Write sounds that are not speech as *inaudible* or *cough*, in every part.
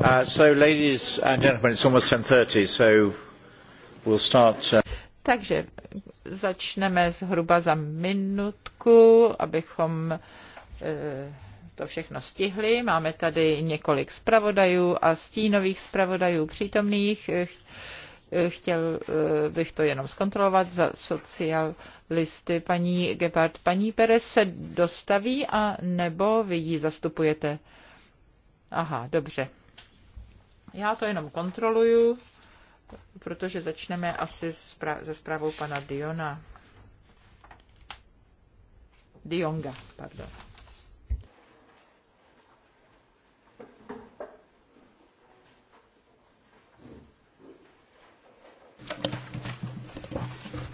Uh, ladies and gentlemen, it's almost so we'll start. Uh, Takže začneme zhruba za minutku, abychom uh, to všechno stihli. Máme tady několik zpravodajů a stínových zpravodajů přítomných. Eh, chtěl eh, bych to jenom zkontrolovat za socialisty. Paní Gebhardt, paní Perez se dostaví a nebo vy ji zastupujete? Aha, dobře. Já to jenom kontroluju, protože začneme asi se zprávou pana Diona. Dionga, pardon.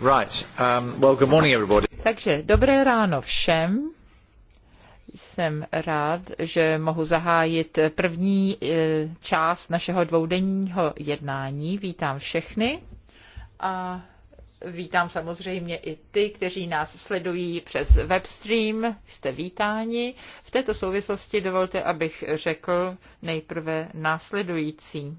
Right. Um, well, good morning, everybody. Takže dobré ráno všem. Jsem rád, že mohu zahájit první e, část našeho dvoudenního jednání. Vítám všechny a vítám samozřejmě i ty, kteří nás sledují přes webstream. Jste vítáni. V této souvislosti dovolte, abych řekl nejprve následující.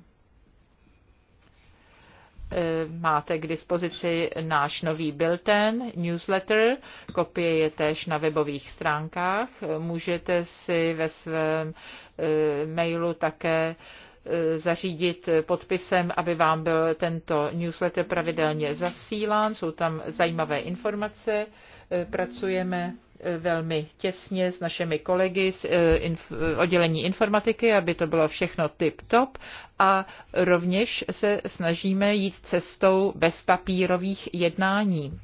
Eh, máte k dispozici náš nový bulletin, newsletter, kopie je též na webových stránkách. Můžete si ve svém eh, mailu také eh, zařídit podpisem, aby vám byl tento newsletter pravidelně zasílán. Jsou tam zajímavé informace. Pracujeme velmi těsně s našimi kolegy z eh, oddělení informatiky, aby to bylo všechno tip-top a rovněž se snažíme jít cestou bezpapírových jednání.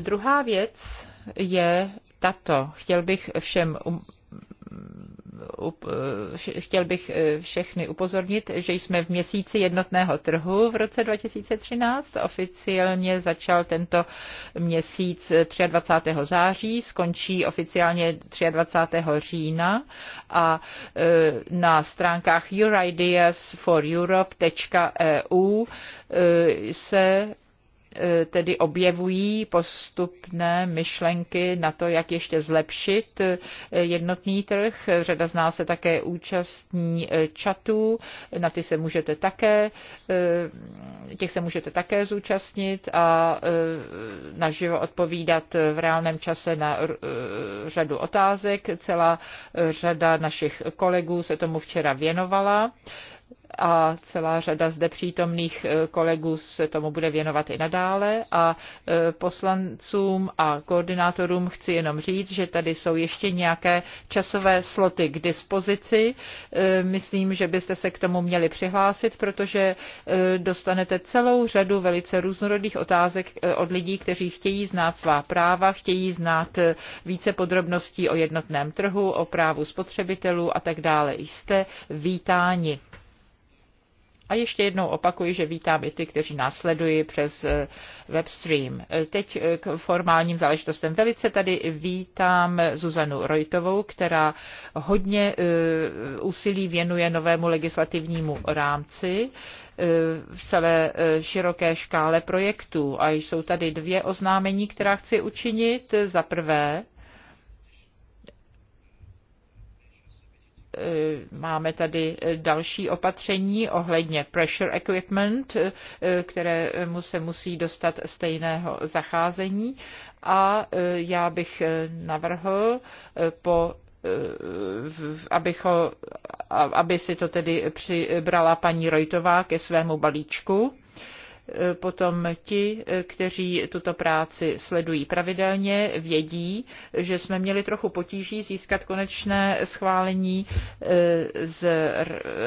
Druhá věc je tato. Chtěl bych všem um- Eh, chtěl bych eh, všechny upozornit, že jsme v měsíci jednotného trhu v roce 2013. Oficiálně začal tento měsíc 23. Eh, září, skončí oficiálně 23. října a na stránkách yourideasforeurope.eu e se E, tedy objevují postupné myšlenky na to, jak ještě zlepšit e, jednotný trh. Řada z nás se také účastní e, čatů, na ty se můžete také, těch se můžete také zúčastnit a naživo odpovídat v reálném čase na řadu otázek. Celá řada našich kolegů se tomu včera věnovala a celá řada zde přítomných eh, kolegů se tomu bude věnovat i nadále. A eh, poslancům a koordinátorům chci jenom říct, že tady jsou ještě nějaké časové sloty k dispozici. Eh, myslím, že byste se k tomu měli přihlásit, protože dostanete celou řadu velice různorodých otázek od lidí, kteří chtějí znát svá práva, chtějí znát více podrobností o jednotném trhu, o právu spotřebitelů a tak dále. Jste vítáni. A ještě jednou opakuji, že vítám i ty, kteří nás sledují přes eh, webstream. Eh, teď eh, k formálním záležitostem. Velice tady vítám Zuzanu Rojtovou, která hodně úsilí věnuje novému legislativnímu rámci v celé široké škále projektů. A jsou tady dvě oznámení, která chci učinit. Za prvé, Eh, máme tady eh, další opatření ohledně pressure equipment, eh, které mu se musí dostat stejného zacházení. A já bych navrhl po abycho, aby si to tedy přibrala paní Rojtová ke svému balíčku Potom ti, kteří tuto práci sledují pravidelně, vědí, že jsme měli trochu potíží získat konečné schválení e, z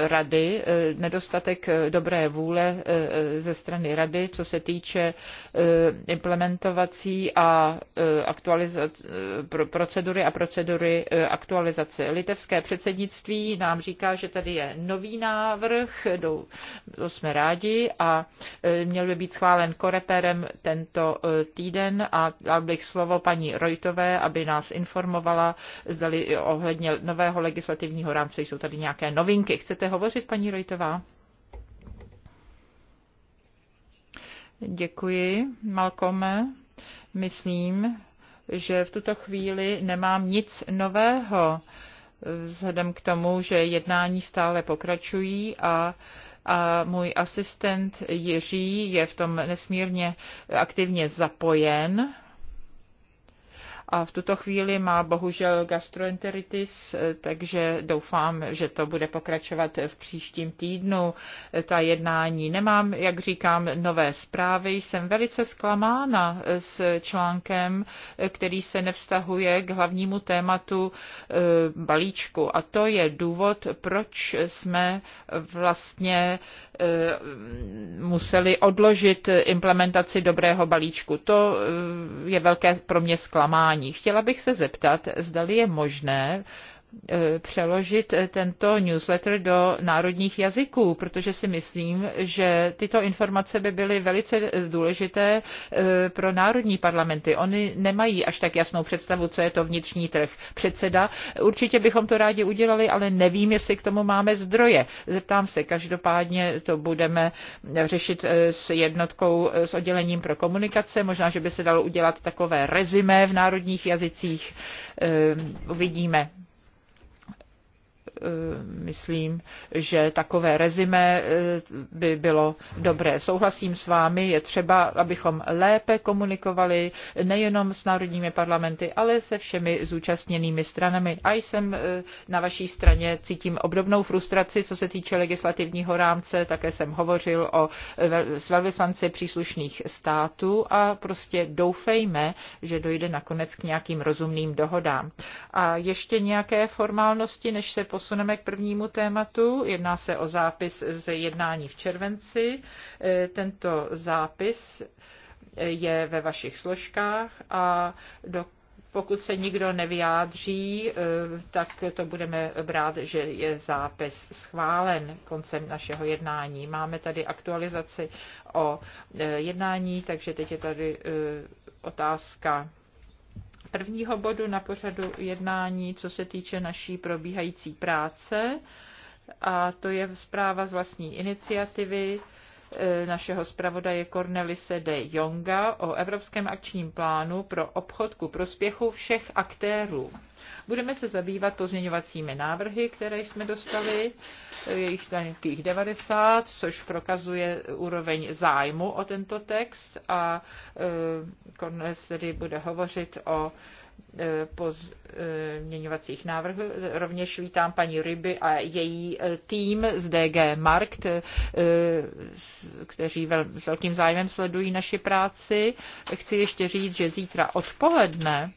rady, e, nedostatek dobré vůle e, ze strany rady, co se týče implementovací a procedury a procedury aktualizace. Litevské předsednictví nám říká, že tady je nový návrh, to jsme rádi a měl by být schválen koreperem tento e, týden a dal bych slovo paní Rojtové, aby nás informovala, zdali ohledně nového legislativního rámce jsou tady nějaké novinky. Chcete hovořit, paní Rojtová? Děkuji, Malkome. Myslím, že v tuto chvíli nemám nic nového vzhledem k tomu, že jednání stále pokračují a a můj asistent Jiří je v tom nesmírně aktivně zapojen a v tuto chvíli má bohužel gastroenteritis, takže doufám, že to bude pokračovat v příštím týdnu. Ta jednání nemám, jak říkám, nové zprávy. Jsem velice zklamána s článkem, který se nevztahuje k hlavnímu tématu eh, balíčku. A to je důvod, proč jsme vlastně eh, museli odložit implementaci dobrého balíčku. To eh, je velké pro mě zklamání jednání. Chtěla bych se zeptat, zdali je možné Eh, přeložit eh, tento newsletter do národních jazyků, protože si myslím, že tyto informace by byly velice eh, důležité pro národní parlamenty. Oni nemají až tak jasnou představu, co je to vnitřní trh. Předseda, určitě bychom to rádi udělali, ale nevím, jestli k tomu máme zdroje. Zeptám se, každopádně to budeme řešit s jednotkou, s oddělením pro komunikace. Možná, že by se dalo udělat takové rezimé v národních jazycích. Uvidíme. Eh, myslím, že takové rezime eh, by bylo dobré. Souhlasím s vámi, je třeba, abychom lépe komunikovali nejenom s národními parlamenty, ale se všemi zúčastněnými stranami. A jsem eh, na vaší straně, cítím obdobnou frustraci, co se týče legislativního rámce, také jsem hovořil o velvyslanci příslušných států a prostě doufejme, že dojde nakonec k nějakým rozumným dohodám. A ještě nějaké formálnosti, než se posuneme posuneme k prvnímu tématu. Jedná se o zápis z jednání v červenci. E, tento zápis e, je ve vašich složkách a do pokud se nikdo nevyjádří, e, tak to budeme brát, že je zápis schválen koncem našeho jednání. Máme tady aktualizaci o jednání, takže teď je tady otázka prvního bodu na pořadu jednání, co se týče naší probíhající práce. A to je zpráva z vlastní iniciativy eh, našeho zpravodaje Cornelise de Jonga o Evropském akčním plánu pro obchod ku prospěchu všech aktérů. Budeme se zabývat pozměňovacími návrhy, které jsme dostali, jejich nějakých 90, což prokazuje úroveň zájmu o tento text a konec eh, tedy bude hovořit o eh, pozměňovacích návrhů. Rovněž vítám paní Ryby a její eh, tým z DG Markt, kteří s velkým zájmem sledují naši práci. Chci ještě říct, že zítra odpoledne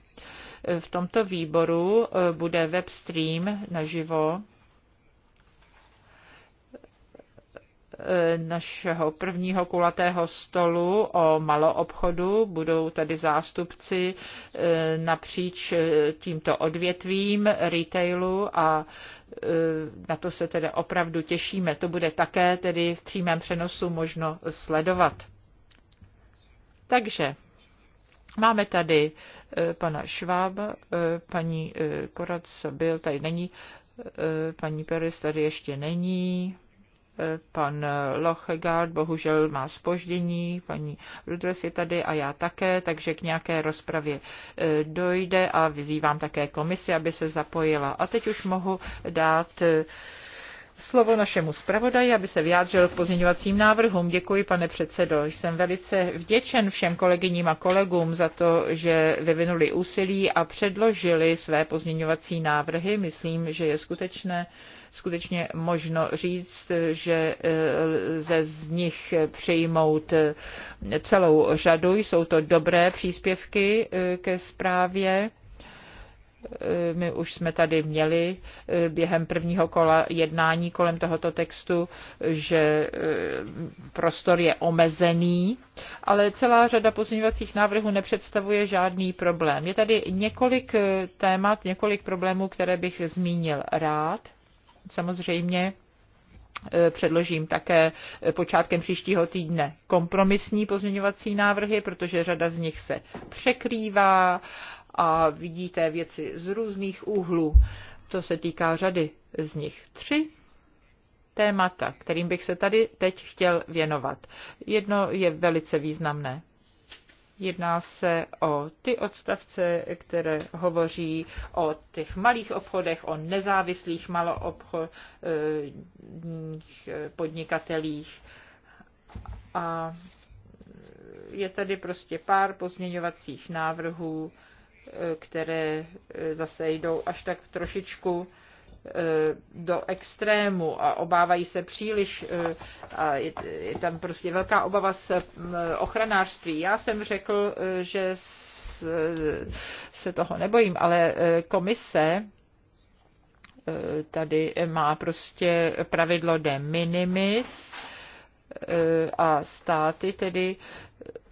v tomto výboru eh, bude webstream naživo eh, našeho prvního kulatého stolu o maloobchodu. Budou tady zástupci eh, napříč tímto odvětvím retailu a na to se tedy opravdu těšíme. To bude také tedy v přímém přenosu možno sledovat. Takže máme tady Eh, pana Švába, eh, paní eh, poradce byl, tady není, paní Peres tady ještě není, pan Lochegard bohužel má spoždění, paní Rudres je tady a já také, takže k nějaké rozpravě dojde a vyzývám také komisi, aby se zapojila. A teď už mohu dát slovo našemu zpravodaji, aby se vyjádřil k pozměňovacím návrhům. Děkuji, pane předsedo. Jsem velice vděčen všem kolegyním a kolegům za to, že vyvinuli úsilí a předložili své pozměňovací návrhy. Myslím, že je skutečné, skutečně možno říct, že eh, ze z nich přijmout eh, celou řadu. Jsou to dobré příspěvky eh, ke zprávě Eh, my už jsme tady měli eh, během prvního kola jednání kolem tohoto textu, že eh, prostor je omezený, ale celá řada pozměňovacích návrhů nepředstavuje žádný problém. Je tady několik témat, několik problémů, které bych zmínil rád. Samozřejmě předložím také počátkem příštího týdne kompromisní pozměňovací návrhy, protože řada z nich se překrývá a vidíte věci z různých úhlů. To se týká řady z nich. Tři témata, kterým bych se tady teď chtěl věnovat. Jedno je velice významné. Jedná se o ty odstavce, které hovoří o těch malých obchodech, o nezávislých maloobchodních eh, podnikatelích. A je tady prostě pár pozměňovacích návrhů, které eh, zase jdou až tak trošičku eh, do extrému a obávají se příliš eh, a je, je tam prostě velká obava z mm, ochranářství. Já jsem řekl, že se toho nebojím, ale komise tady má prostě pravidlo de minimis a státy tedy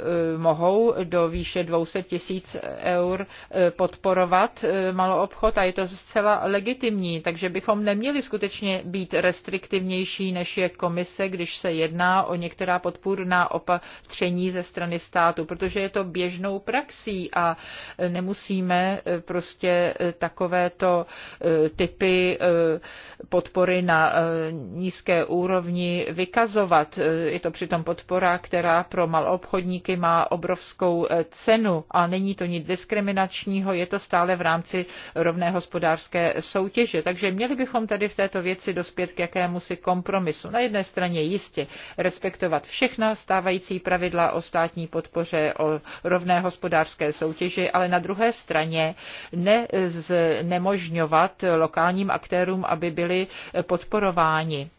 Eh, mohou do výše 200 tisíc eur eh, podporovat eh, maloobchod a je to zcela legitimní, takže bychom neměli skutečně být restriktivnější, než je komise, když se jedná o některá podpůrná opatření ze strany státu, protože je to běžnou praxí a nemusíme prostě takovéto typy podpory na nízké úrovni vykazovat. Je to přitom podpora, která pro maloobchod obchodníky má obrovskou eh, cenu a není to nic diskriminačního, je to stále v rámci rovné hospodářské soutěže. Takže měli bychom tady v této věci dospět k jakému si kompromisu. Na jedné straně jistě respektovat všechna stávající pravidla o státní podpoře, o rovné hospodářské soutěži, ale na druhé straně nemožňovat lokálním aktérům, aby byli eh, podporováni.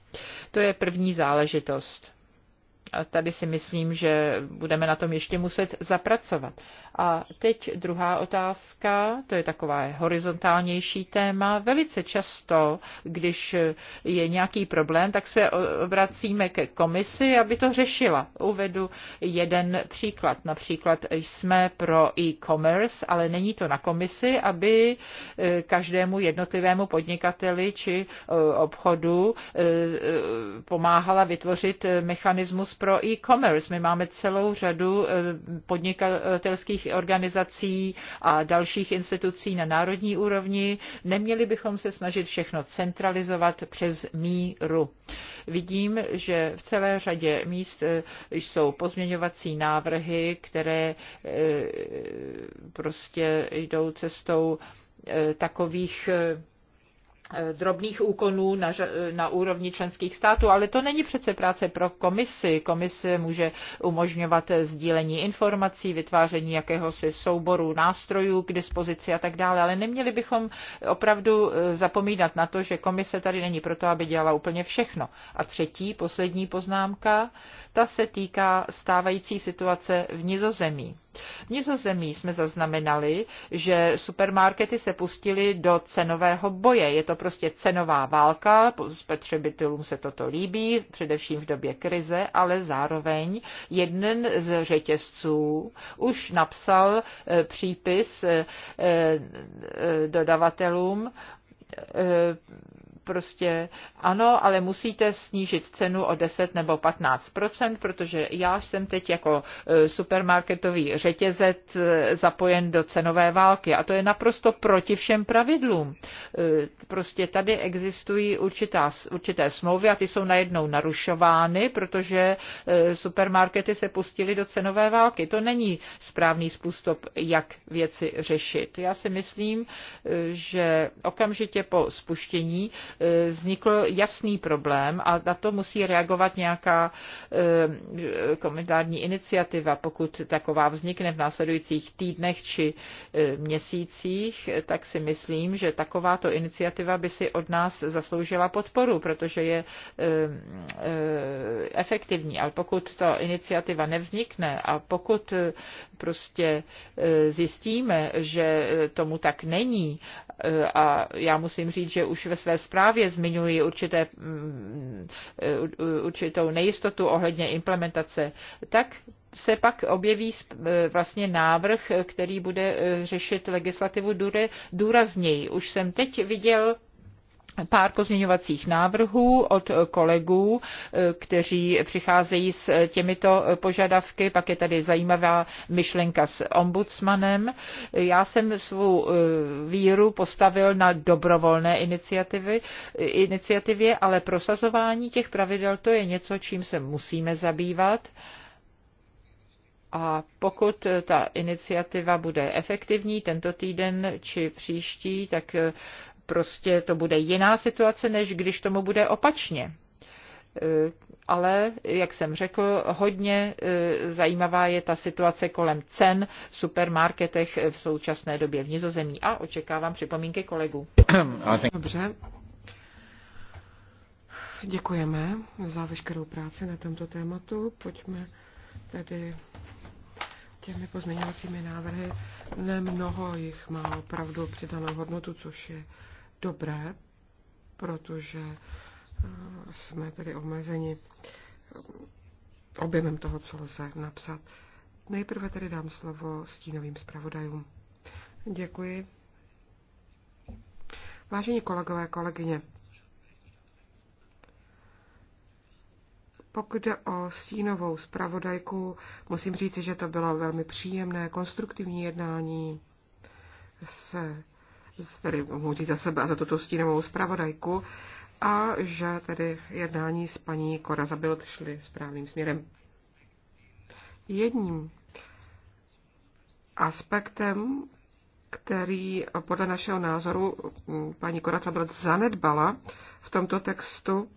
To je první záležitost. A tady si myslím, že budeme na tom ještě muset zapracovat. A teď druhá otázka, to je takové horizontálnější téma. Velice často, když je nějaký problém, tak se obracíme ke komisi, aby to řešila. Uvedu jeden příklad. Například jsme pro e-commerce, ale není to na komisi, aby eh, každému jednotlivému podnikateli či eh, obchodu eh, pomáhala vytvořit mechanismus pro e-commerce. My máme celou řadu eh, podnikatelských organizací a dalších institucí na národní úrovni. Neměli bychom se snažit všechno centralizovat přes míru. Vidím, že v celé řadě míst eh, jsou pozměňovací návrhy, které eh, prostě jdou cestou takových Eh, drobných úkonů na, eh, na úrovni členských států, ale to není přece práce pro komisi. Komise může umožňovat eh, sdílení informací, vytváření jakéhosi souboru nástrojů k dispozici a tak dále, ale neměli bychom opravdu zapomínat na to, že komise tady není proto, aby dělala úplně všechno. A třetí, poslední poznámka, ta se týká stávající situace v Nizozemí. V Nizozemí jsme zaznamenali, že supermarkety se pustily do cenového boje. Je to prostě cenová válka, spotřebitelům se toto líbí, především v době krize, ale zároveň jeden z řetězců už napsal eh, přípis eh, eh, dodavatelům prostě ano, ale musíte snížit cenu o 10 nebo 15 protože já jsem teď jako e, supermarketový řetězec e, zapojen do cenové války a to je naprosto proti všem pravidlům. E, prostě tady existují určitá, určité smlouvy a ty jsou najednou narušovány, protože supermarkety se pustily do cenové války. To není správný způsob, jak věci řešit. Já si myslím, že okamžitě po spuštění Eh, vznikl jasný problém a na to musí reagovat nějaká eh, komentární iniciativa. Pokud taková vznikne v následujících týdnech či eh, měsících, tak si myslím, že takováto iniciativa by si od nás zasloužila podporu, protože je efektivní. Ale pokud ta iniciativa nevznikne a pokud prostě zjistíme, že tomu tak není, a já musím říct, že už ve své zprávě právě zmiňují určité, mm, určitou nejistotu ohledně implementace, tak se pak objeví eh, vlastně návrh, který bude eh, řešit legislativu důrazněji. Už jsem teď viděl pár pozměňovacích návrhů od kolegů, eh, kteří přicházejí s těmito požadavky. Pak je tady zajímavá myšlenka s ombudsmanem. Já jsem svou eh, víru postavil na dobrovolné iniciativy, iniciativě, ale prosazování těch pravidel to je něco, čím se musíme zabývat. A pokud ta iniciativa bude efektivní tento týden či příští, tak eh, prostě to bude jiná situace, než když tomu bude opačně e, ale, jak jsem řekl, hodně e, zajímavá je ta situace kolem cen v supermarketech v současné době v Nizozemí a očekávám připomínky kolegů. Dobře. Děkujeme za veškerou práci na tomto tématu. Pojďme tedy těmi pozměňovacími návrhy. Nemnoho jich má opravdu přidanou hodnotu, což je dobré, protože eh, jsme tedy omezeni objemem toho, co lze napsat. Nejprve tedy dám slovo stínovým zpravodajům. Děkuji. Vážení kolegové, kolegyně, Pokud jde o stínovou zpravodajku, musím říci, že to bylo velmi příjemné, konstruktivní jednání se tedy mohu říct za sebe a za tuto stínovou zpravodajku, a že tedy jednání s paní Koraza Bild šly správným směrem. Jedním aspektem, který podle našeho názoru paní Koraca Bild zanedbala v tomto textu,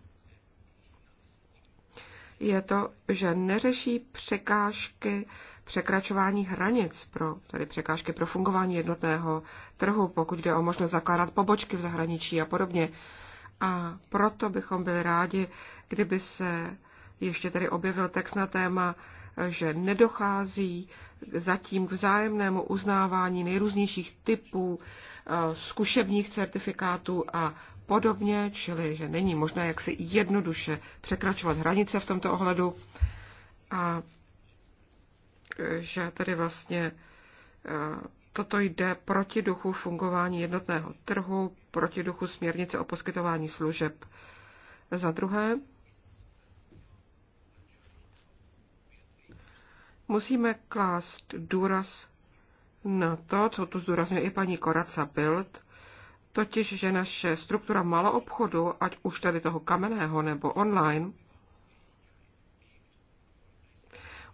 je to, že neřeší překážky překračování hranic pro, tedy překážky pro fungování jednotného trhu, pokud jde o možnost zakládat pobočky v zahraničí a podobně. A proto bychom byli rádi, kdyby se ještě tady objevil text na téma, že nedochází zatím k vzájemnému uznávání nejrůznějších typů eh, zkušebních certifikátů a podobně, čili že není možné jaksi jednoduše překračovat hranice v tomto ohledu a e, že tady vlastně e, toto jde proti duchu fungování jednotného trhu, proti duchu směrnice o poskytování služeb. Za druhé, musíme klást důraz na to, co tu zdůrazňuje i paní Koraca Bild, totiž, že naše struktura maloobchodu, ať už tady toho kamenného nebo online,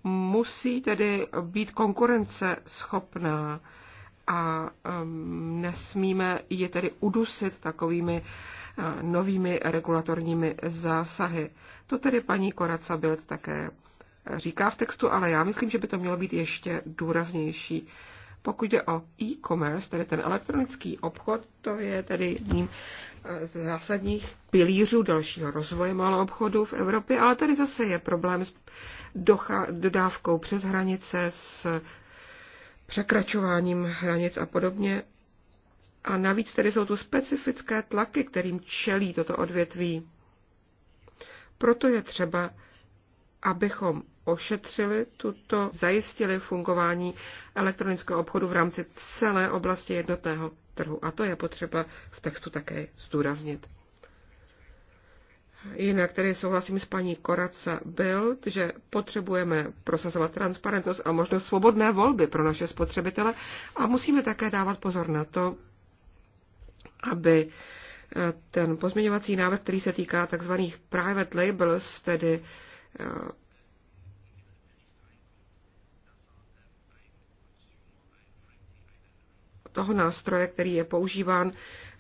musí tedy být konkurence schopná a um, nesmíme je tedy udusit takovými uh, novými regulatorními zásahy. To tedy paní Koraca byl také říká v textu, ale já myslím, že by to mělo být ještě důraznější. Pokud jde o e-commerce, tedy ten elektronický obchod, to je tedy jedním eh, z zásadních pilířů dalšího rozvoje malého obchodu v Evropě, ale tady zase je problém s dodávkou přes hranice, s překračováním hranic a podobně. A navíc tedy jsou tu specifické tlaky, kterým čelí toto odvětví. Proto je třeba, abychom ošetřili tuto, zajistili fungování elektronického obchodu v rámci celé oblasti jednotného trhu. A to je potřeba v textu také zdůraznit. Jinak tedy souhlasím s paní Koraca Bild, že potřebujeme prosazovat transparentnost a možnost svobodné volby pro naše spotřebitele a musíme také dávat pozor na to, aby eh, ten pozměňovací návrh, který se týká tzv. private labels, tedy eh, toho nástroje, který je používán,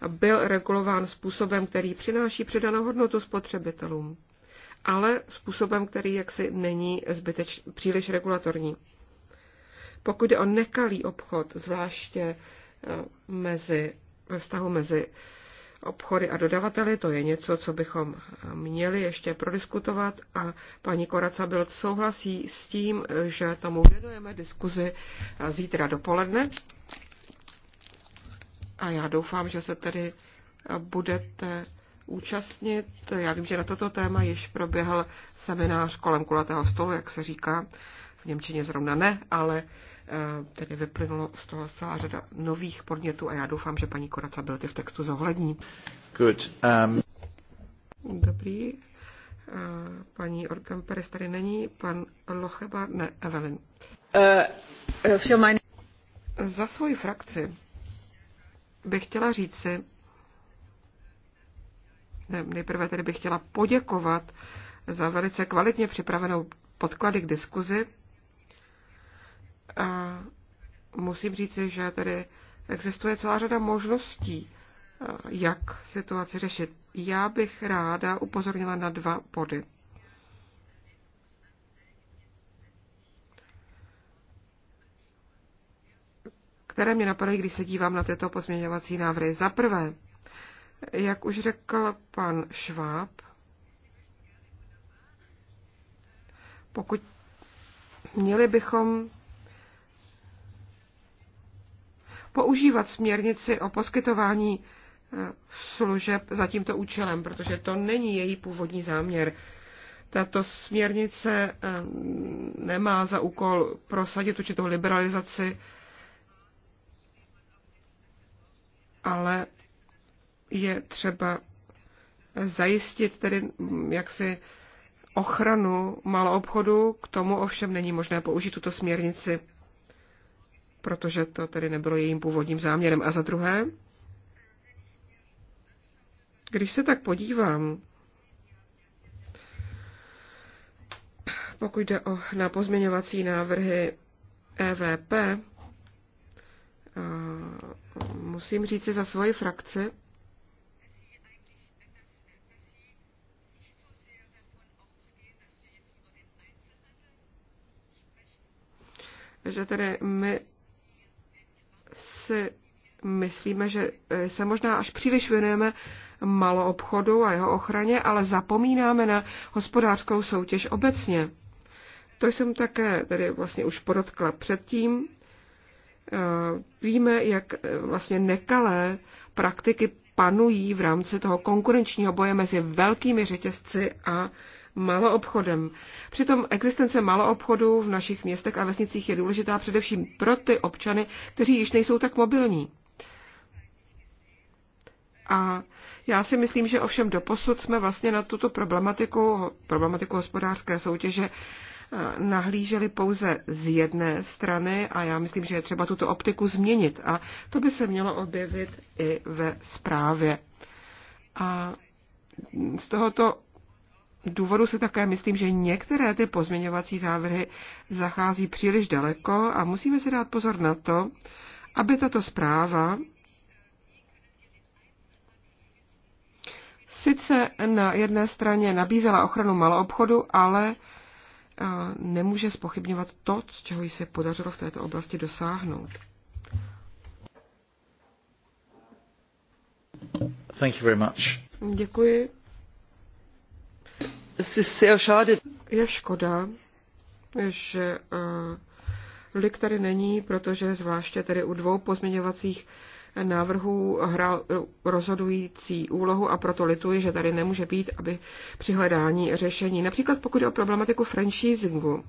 byl regulován způsobem, který přináší přidanou hodnotu spotřebitelům, ale způsobem, který jaksi není zbyteč, příliš regulatorní. Pokud je o nekalý obchod, zvláště eh, mezi, ve vztahu mezi obchody a dodavateli, to je něco, co bychom měli ještě prodiskutovat a paní Koraca byl souhlasí s tím, že tomu věnujeme diskuzi eh, zítra dopoledne. A já doufám, že se tedy eh, budete účastnit. Já vím, že na toto téma již proběhl seminář kolem kulatého stolu, jak se říká. V Němčině zrovna ne, ale eh, tedy vyplynulo z toho celá řada nových podnětů a já doufám, že paní Koraca byl ty v textu zohlední. Good. Um... Dobrý. Eh, paní Orkan Perez tady není, pan Locheba, ne, Evelyn. Uh, uh, my... Za svoji frakci bych chtěla říci, nejprve tedy bych chtěla poděkovat za velice kvalitně připravenou podklady k diskuzi. A musím říci, že tedy existuje celá řada možností, jak situaci řešit. Já bych ráda upozornila na dva body. které mě napadají, když se dívám na tyto pozměňovací návrhy. Za prvé, jak už řekl pan Šváb, pokud měli bychom používat směrnici o poskytování e, služeb za tímto účelem, protože to není její původní záměr. Tato směrnice e, nemá za úkol prosadit určitou liberalizaci ale je třeba zajistit tedy mm, jaksi ochranu obchodu, k tomu ovšem není možné použít tuto směrnici, protože to tedy nebylo jejím původním záměrem. A za druhé, když se tak podívám, pokud jde o na pozměňovací návrhy EVP, musím říci za svoji frakci, že tedy my si myslíme, že se možná až příliš věnujeme malo obchodu a jeho ochraně, ale zapomínáme na hospodářskou soutěž obecně. To jsem také tedy vlastně už podotkla předtím. Eh, víme, jak eh, vlastně nekalé praktiky panují v rámci toho konkurenčního boje mezi velkými řetězci a maloobchodem. Přitom existence maloobchodu v našich městech a vesnicích je důležitá především pro ty občany, kteří již nejsou tak mobilní. A já si myslím, že ovšem doposud jsme vlastně na tuto problematiku, problematiku hospodářské soutěže, nahlíželi pouze z jedné strany a já myslím, že je třeba tuto optiku změnit a to by se mělo objevit i ve zprávě. A z tohoto důvodu si také myslím, že některé ty pozměňovací závrhy zachází příliš daleko a musíme si dát pozor na to, aby tato zpráva sice na jedné straně nabízela ochranu maloobchodu, ale nemůže spochybňovat to, z čeho jí se podařilo v této oblasti dosáhnout. Thank you very much. Děkuji. Je škoda, že uh, eh, Lik tady není, protože zvláště tedy u dvou pozměňovacích návrhů hrál rozhodující úlohu a proto lituji, že tady nemůže být, aby při hledání řešení. Například pokud je o problematiku franchisingu.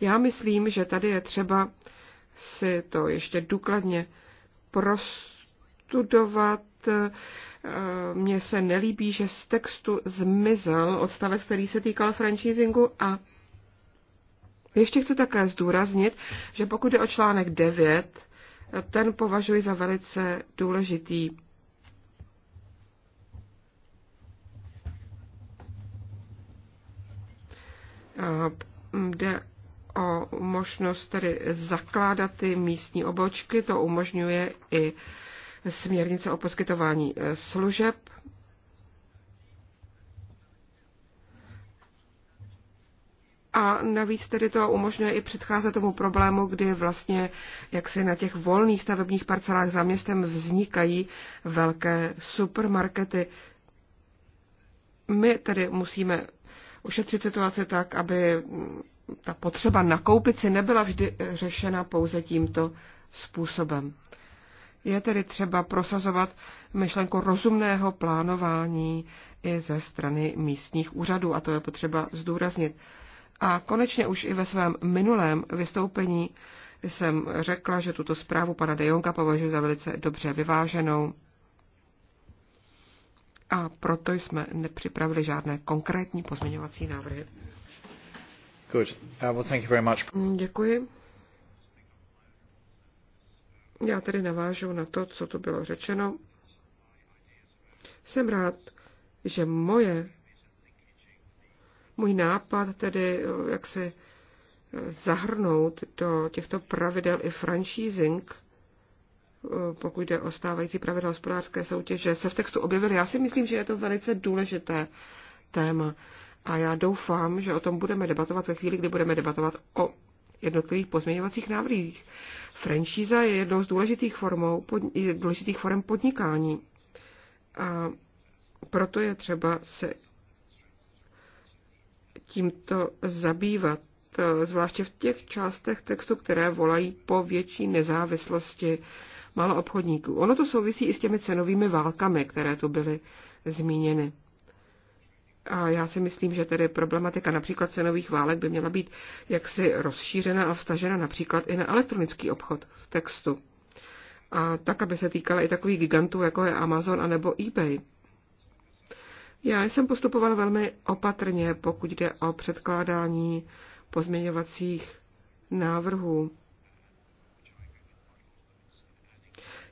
Já myslím, že tady je třeba si to ještě důkladně prostudovat. Eh, mně se nelíbí, že z textu zmizel odstavec, který se týkal franchisingu a ještě chci také zdůraznit, že pokud je o článek 9, ten považuji za velice důležitý. Jde o možnost tedy zakládat ty místní obočky, to umožňuje i směrnice o poskytování eh, služeb A navíc tedy to umožňuje i předcházet tomu problému, kdy vlastně jak si na těch volných stavebních parcelách za městem vznikají velké supermarkety. My tedy musíme ušetřit situaci tak, aby ta potřeba nakoupit si nebyla vždy řešena pouze tímto způsobem. Je tedy třeba prosazovat myšlenku rozumného plánování i ze strany místních úřadů, a to je potřeba zdůraznit. A konečně už i ve svém minulém vystoupení jsem řekla, že tuto zprávu pana De Jonga považuji za velice dobře vyváženou a proto jsme nepřipravili žádné konkrétní pozměňovací návrhy. Good. Uh, well, thank you very much. Mm, děkuji. Já tedy navážu na to, co tu bylo řečeno. Jsem rád, že moje můj nápad tedy, eh, jak se eh, zahrnout do těchto pravidel i franchising, eh, pokud jde o stávající pravidla hospodářské soutěže, se v textu objevily. Já si myslím, že je to velice důležité téma. A já doufám, že o tom budeme debatovat ve chvíli, kdy budeme debatovat o jednotlivých pozměňovacích návrhích. Franšíza je jednou z důležitých, formou, pod, důležitých form podnikání. A proto je třeba se tímto zabývat, e, zvláště v těch částech textu, které volají po větší nezávislosti maloobchodníků. Ono to souvisí i s těmi cenovými válkami, které tu byly zmíněny. A já si myslím, že tedy problematika například cenových válek by měla být jaksi rozšířena a vstažena například i na elektronický obchod v textu. A tak, aby se týkala i takových gigantů, jako je Amazon anebo eBay. Já jsem postupoval velmi opatrně, pokud jde o předkládání pozměňovacích návrhů.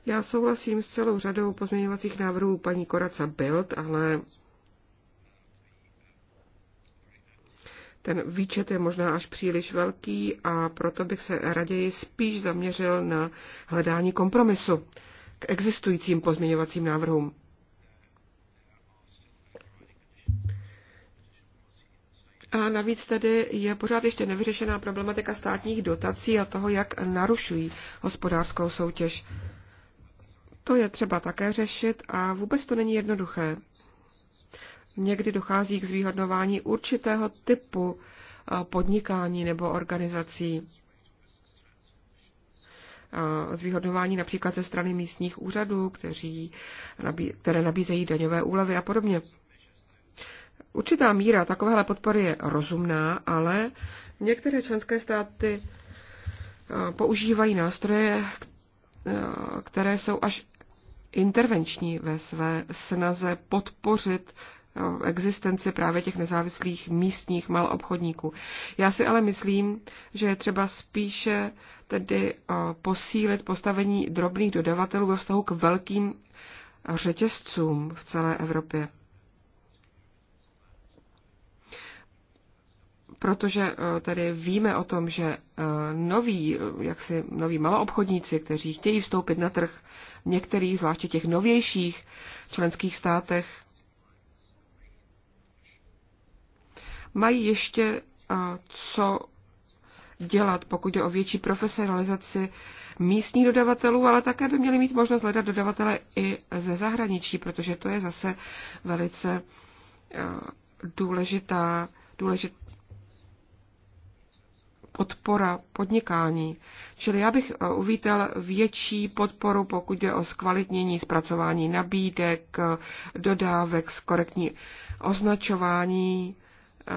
Já souhlasím s celou řadou pozměňovacích návrhů paní Koraca Bild, ale ten výčet je možná až příliš velký a proto bych se raději spíš zaměřil na hledání kompromisu k existujícím pozměňovacím návrhům. A navíc tedy je pořád ještě nevyřešená problematika státních dotací a toho, jak narušují hospodářskou soutěž. To je třeba také řešit a vůbec to není jednoduché. Někdy dochází k zvýhodnování určitého typu eh, podnikání nebo organizací. Zvýhodnování například ze strany místních úřadů, kteří, které nabízejí daňové úlevy a podobně. Určitá míra takovéhle podpory je rozumná, ale některé členské státy eh, používají nástroje, eh, které jsou až intervenční ve své snaze podpořit eh, existenci právě těch nezávislých místních malobchodníků. Já si ale myslím, že je třeba spíše tedy posílit postavení drobných dodavatelů ve vztahu k velkým řetězcům v celé Evropě. protože eh, tady víme o tom, že eh, noví, eh, jaksi noví maloobchodníci, kteří chtějí vstoupit na trh v některých, zvláště těch novějších členských státech, mají ještě co dělat, pokud je o větší profesionalizaci místních dodavatelů, ale také by měli mít možnost hledat dodavatele i ze zahraničí, protože to je zase velice důležitá, důležitá podpora podnikání. Čili já bych eh, uvítal větší podporu, pokud jde o zkvalitnění zpracování nabídek, dodávek, korektní označování, eh,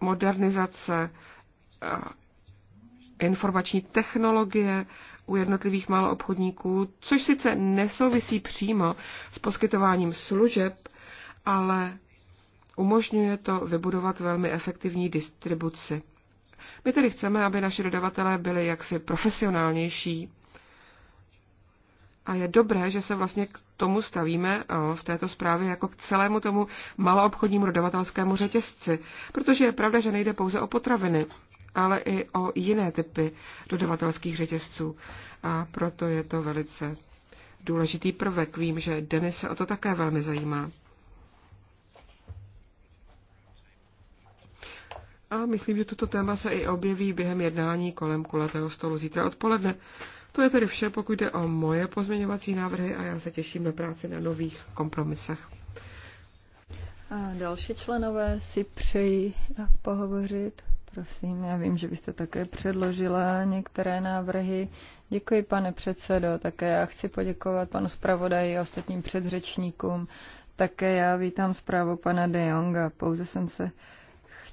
modernizace, eh, informační technologie u jednotlivých maloobchodníků, což sice nesouvisí přímo s poskytováním služeb, ale umožňuje to vybudovat velmi efektivní distribuci. My tedy chceme, aby naši dodavatelé byli jaksi profesionálnější a je dobré, že se vlastně k tomu stavíme eh, v této zprávě jako k celému tomu maloobchodnímu dodavatelskému řetězci, protože je pravda, že nejde pouze o potraviny, ale i o jiné typy dodavatelských řetězců. A proto je to velice důležitý prvek. Vím, že Denis se o to také velmi zajímá. a myslím, že toto téma se i objeví během jednání kolem kulatého stolu zítra odpoledne. To je tedy vše, pokud jde o moje pozměňovací návrhy a já se těším na práci na nových kompromisech. A další členové si přejí pohovořit. Prosím, já vím, že byste také předložila některé návrhy. Děkuji, pane předsedo. Také já chci poděkovat panu zpravodaji a ostatním předřečníkům. Také já vítám zprávu pana De Jonga. Pouze jsem se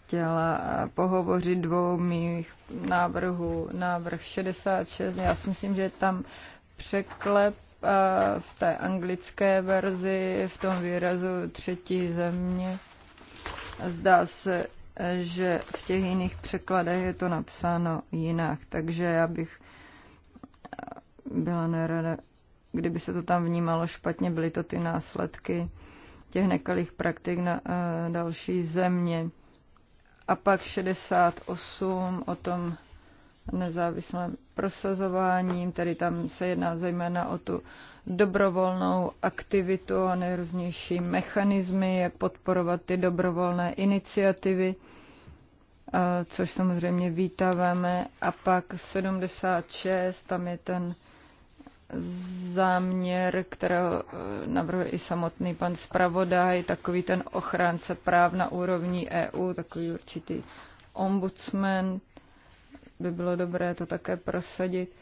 chtěla eh, pohovořit dvou mých návrhů. Návrh 66, já si myslím, že je tam překlep eh, v té anglické verzi, v tom výrazu třetí země. Zdá se, že v těch jiných překladech je to napsáno jinak, takže já bych eh, byla nerada, kdyby se to tam vnímalo špatně, byly to ty následky těch nekalých praktik na další země a pak 68 o tom nezávislém prosazováním, tedy tam se jedná zejména o tu dobrovolnou aktivitu a nejrůznější mechanismy, jak podporovat ty dobrovolné iniciativy, eh, což samozřejmě vítáváme. A pak 76, tam je ten záměr, kterého eh, navrhuje i samotný pan zpravodaj, takový ten ochránce práv na úrovni EU, takový určitý ombudsman, by bylo dobré to také prosadit.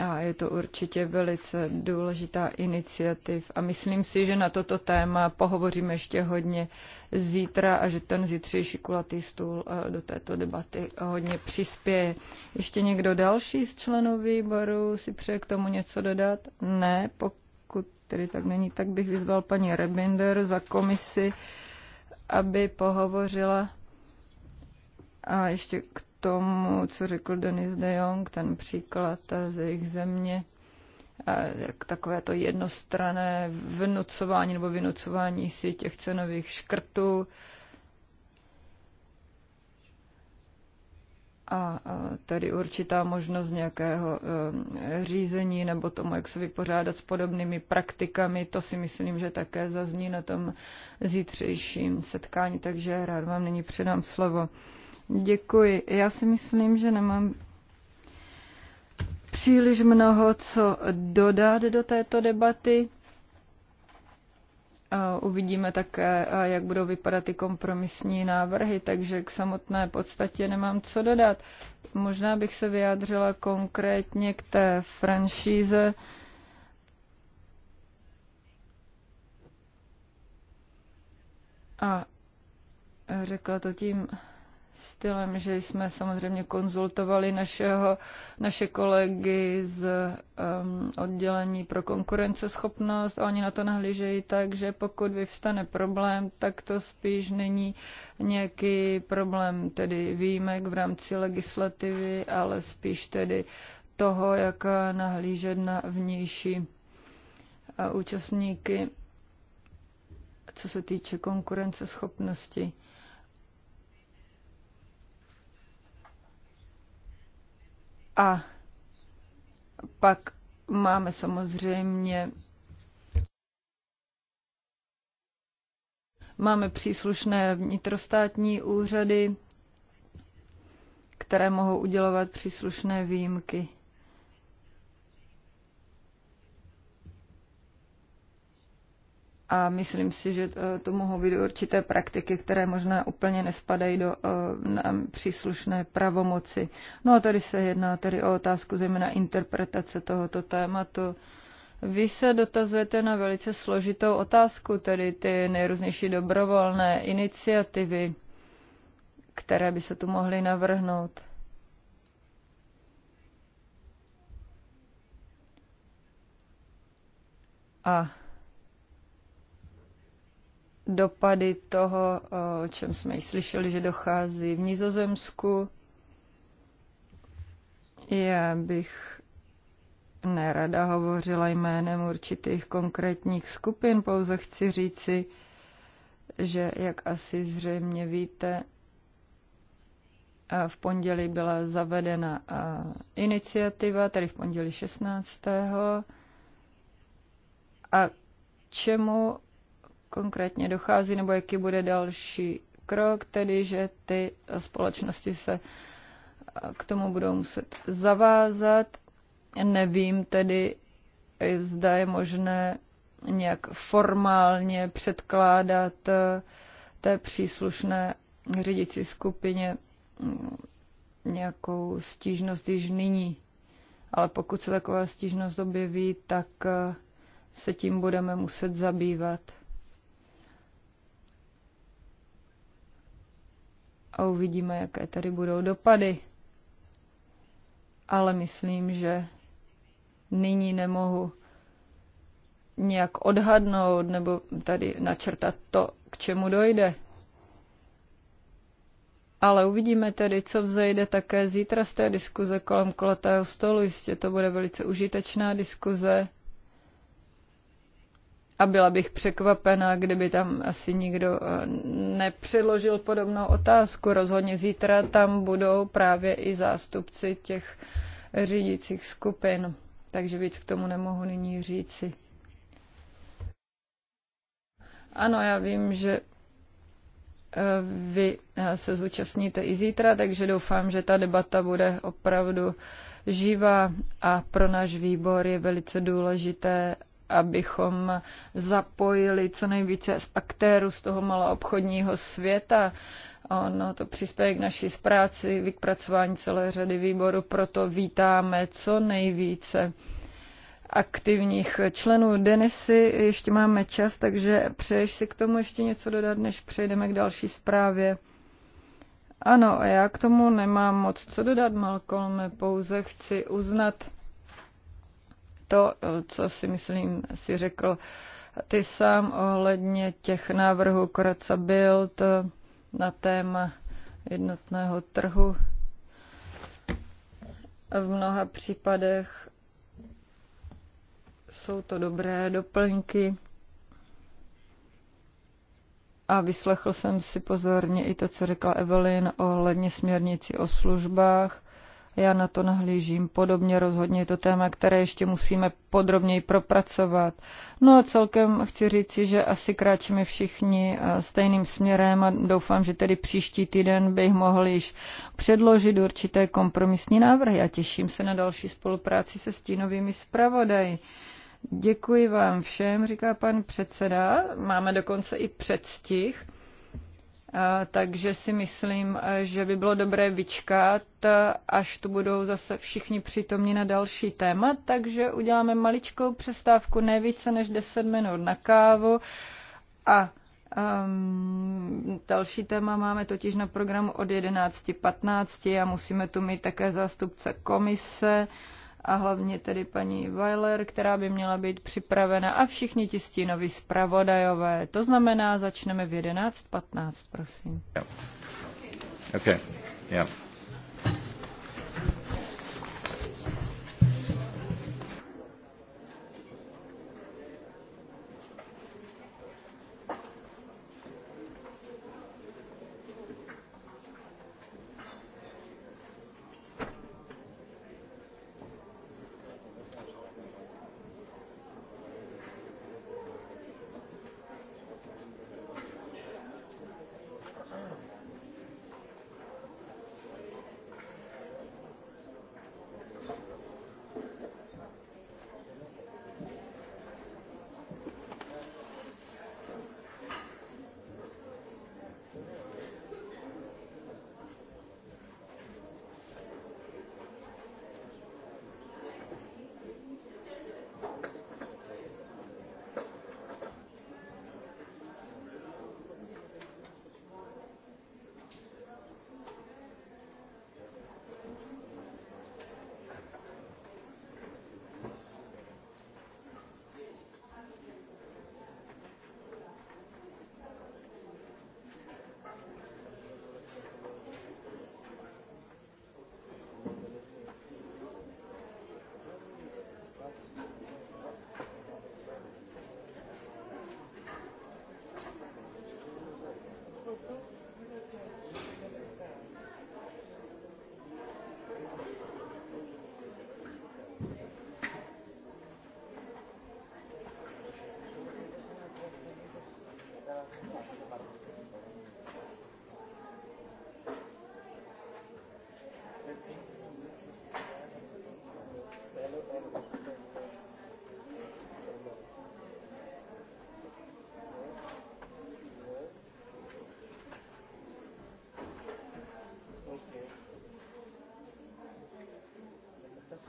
A je to určitě velice důležitá iniciativ. A myslím si, že na toto téma pohovoříme ještě hodně zítra a že ten zítřejší kulatý stůl eh, do této debaty hodně přispěje. Ještě někdo další z členů výboru si přeje k tomu něco dodat? Ne, pokud tedy tak není, tak bych vyzval paní Rebinder za komisi, aby pohovořila a ještě k tomu, co řekl Denis de Jong, ten příklad z jejich země, jak takové to jednostrané vynucování nebo vynucování si těch cenových škrtů. A tedy určitá možnost nějakého um, řízení nebo tomu, jak se vypořádat s podobnými praktikami, to si myslím, že také zazní na tom zítřejším setkání, takže rád vám nyní předám slovo. Děkuji. Já si myslím, že nemám příliš mnoho co dodat do této debaty. Uvidíme také, jak budou vypadat ty kompromisní návrhy, takže k samotné podstatě nemám co dodat. Možná bych se vyjádřila konkrétně k té franšíze. A řekla to tím stylem, že jsme samozřejmě konzultovali našeho, naše kolegy z um, oddělení pro konkurenceschopnost a oni na to nahlížejí tak, že pokud vyvstane problém, tak to spíš není nějaký problém tedy výjimek v rámci legislativy, ale spíš tedy toho, jak nahlížet na vnější uh, účastníky, co se týče konkurenceschopnosti. A pak máme samozřejmě máme příslušné vnitrostátní úřady, které mohou udělovat příslušné výjimky. a myslím si, že eh, to mohou být určité praktiky, které možná úplně nespadají do eh, příslušné pravomoci. No a tady se jedná tedy o otázku zejména interpretace tohoto tématu. Vy se dotazujete na velice složitou otázku, tedy ty nejrůznější dobrovolné iniciativy, které by se tu mohly navrhnout. A dopady toho, o čem jsme ji slyšeli, že dochází v Nizozemsku. Já bych nerada hovořila jménem určitých konkrétních skupin, pouze chci říci, že, jak asi zřejmě víte, v pondělí byla zavedena iniciativa, tedy v pondělí 16. A čemu konkrétně dochází nebo jaký bude další krok, tedy že ty společnosti se eh, k tomu budou muset zavázat. Nevím tedy, eh, zda je možné nějak formálně předkládat eh, té příslušné řídící skupině mm, nějakou stížnost již nyní. Ale pokud se taková stížnost objeví, tak se tím budeme muset zabývat. a uvidíme, jaké tady budou dopady. Ale myslím, že nyní nemohu nějak odhadnout nebo tady načrtat to, k čemu dojde. Ale uvidíme tedy, co vzejde také zítra z té diskuze kolem kolatého stolu. Jistě to bude velice užitečná diskuze a byla bych překvapena, kdyby tam asi nikdo eh, nepřiložil podobnou otázku. Rozhodně zítra tam budou právě i zástupci těch řídících skupin, takže víc k tomu nemohu nyní říci. Ano, já vím, že eh, vy eh, se zúčastníte i zítra, takže doufám, že ta debata bude opravdu živá a pro náš výbor je velice důležité, abychom zapojili co nejvíce z aktérů z toho maloobchodního světa. Ono to přispěje k naší zpráci, k pracování celé řady výboru, proto vítáme co nejvíce aktivních členů Denisy. Ještě máme čas, takže přeješ si k tomu ještě něco dodat, než přejdeme k další zprávě? Ano, já k tomu nemám moc co dodat, Malcolm, pouze chci uznat to, co si myslím, si řekl ty sám ohledně těch návrhů Koraca Build na téma jednotného trhu. V mnoha případech jsou to dobré doplňky a vyslechl jsem si pozorně i to, co řekla Evelyn ohledně směrnici o službách. Já na to nahlížím podobně, rozhodně je to téma, které ještě musíme podrobněji propracovat. No a celkem chci říci, že asi kráčíme všichni eh, stejným směrem a doufám, že tedy příští týden bych mohl již předložit určité kompromisní návrhy a těším se na další spolupráci se stínovými zpravodaji. Děkuji vám všem, říká pan předseda. Máme dokonce i předstih takže si myslím, e, že by bylo dobré vyčkat, e, až tu budou zase všichni přítomní na další téma, takže uděláme maličkou přestávku, ne více než 10 minut na kávu a Um, další téma máme totiž na programu od 11.15 a musíme tu mít také zástupce komise. Uh, a hlavně tedy paní Weiler, která by měla být připravena a všichni ti stínoví zpravodajové. To znamená, začneme v 11.15, prosím. Yeah. Okay. Yeah.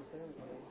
Thank you.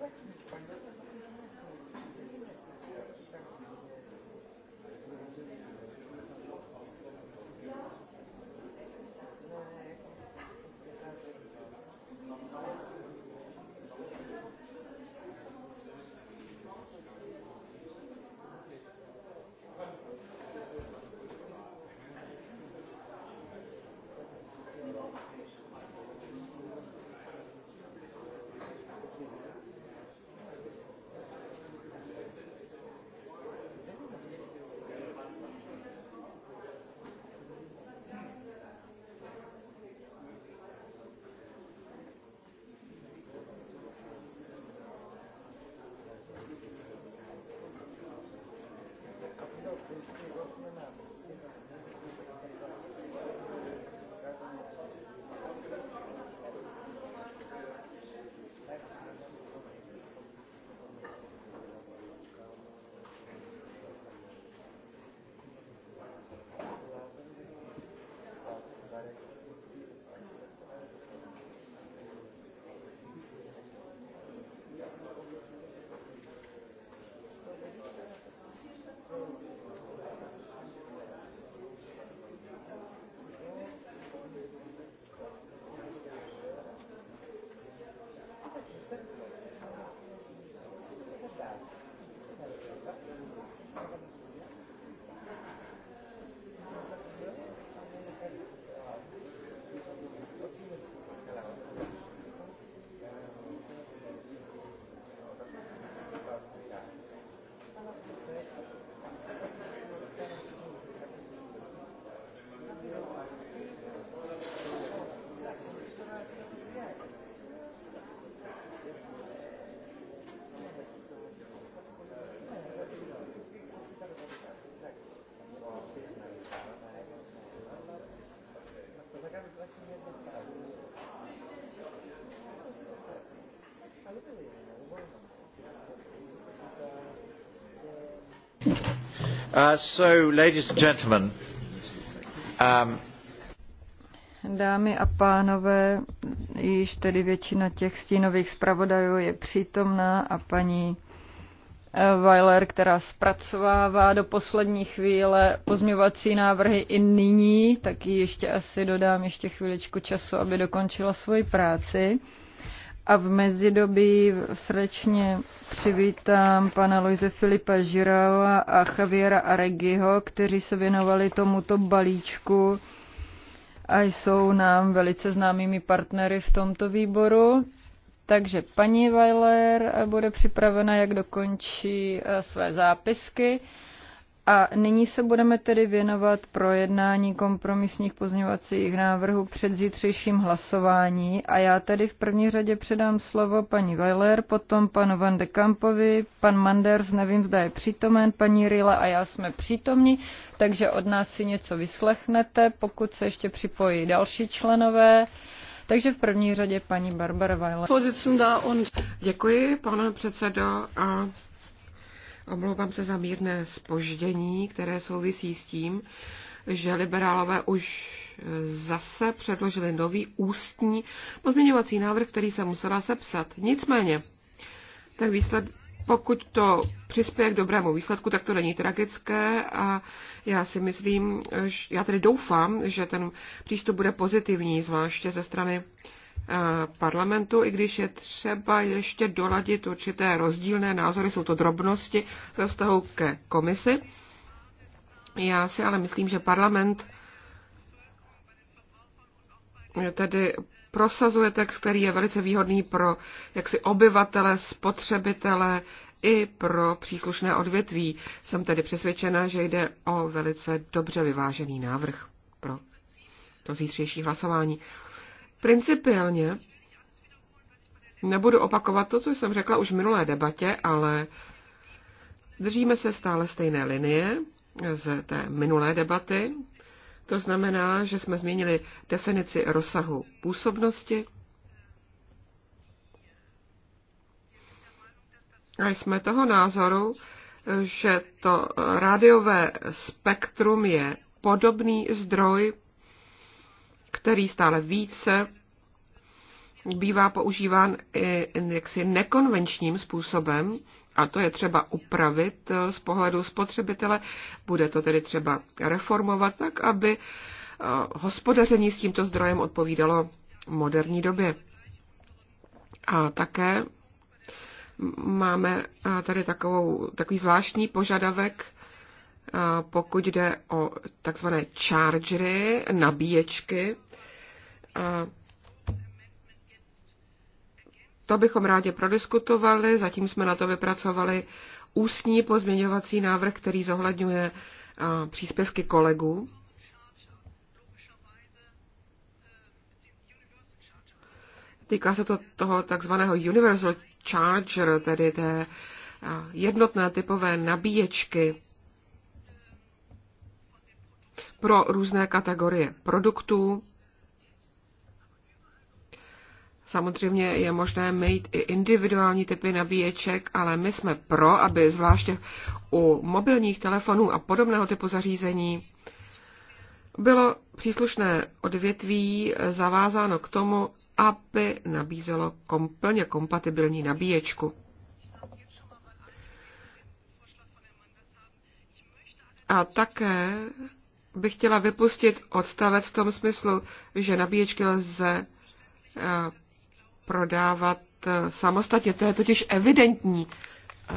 let's Děkuji. Uh, so, ladies and gentlemen, um... Dámy a pánové, již tedy většina těch stínových zpravodajů je přítomná a paní Weiler, která zpracovává do poslední chvíle pozměvací návrhy i nyní, tak ji ještě asi dodám ještě chviličku času, aby dokončila svoji práci. A v mezidobí srdečně přivítám pana Loise Filipa Žirava a Javiera Aregiho, kteří se věnovali tomuto balíčku a jsou nám velice známými partnery v tomto výboru. Takže paní Weiler bude připravena, jak dokončí eh, své zápisky. A nyní se budeme tedy věnovat projednání kompromisních pozměňovacích návrhů před zítřejším hlasování. A já tedy v první řadě předám slovo paní Weiler, potom panu Van de Kampovi, pan Manders, nevím, zda je přítomen, paní Rila a já jsme přítomní, takže od nás si něco vyslechnete, pokud se ještě připojí další členové. Takže v první řadě paní Barbara Weiler. Děkuji, pane předsedo, a omlouvám se za mírné spoždění, které souvisí s tím, že liberálové už zase předložili nový ústní pozměňovací návrh, který se musela sepsat. Nicméně, ten výsledek. Pokud to přispěje k dobrému výsledku, tak to není tragické a já si myslím, já tedy doufám, že ten přístup bude pozitivní, zvláště ze strany eh, parlamentu, i když je třeba ještě doladit určité rozdílné názory, jsou to drobnosti ve vztahu ke komisi. Já si ale myslím, že parlament tedy prosazuje text, který je velice výhodný pro jaksi obyvatele, spotřebitele i pro příslušné odvětví. Jsem tedy přesvědčena, že jde o velice dobře vyvážený návrh pro to zítřejší hlasování. Principiálně nebudu opakovat to, co jsem řekla už v minulé debatě, ale držíme se stále stejné linie z té minulé debaty, to znamená, že jsme změnili definici rozsahu působnosti a jsme toho názoru, že to rádiové spektrum je podobný zdroj, který stále více bývá používán i jaksi nekonvenčním způsobem, a to je třeba upravit eh, z pohledu spotřebitele. Bude to tedy třeba reformovat tak, aby eh, hospodaření s tímto zdrojem odpovídalo moderní době. A také máme eh, tady takovou, takový zvláštní požadavek, pokud jde o takzvané chargery, nabíječky. To bychom rádi prodiskutovali, zatím jsme na to vypracovali ústní pozměňovací návrh, který zohledňuje příspěvky kolegů. Týká se to toho takzvaného Universal Charger, tedy té jednotné typové nabíječky pro různé kategorie produktů. Samozřejmě je možné mít i individuální typy nabíječek, ale my jsme pro, aby zvláště u mobilních telefonů a podobného typu zařízení bylo příslušné odvětví zavázáno k tomu, aby nabízelo plně kompatibilní nabíječku. A také bych chtěla vypustit odstavec v tom smyslu, že nabíječky lze eh, prodávat eh, samostatně. To je totiž evidentní. Eh,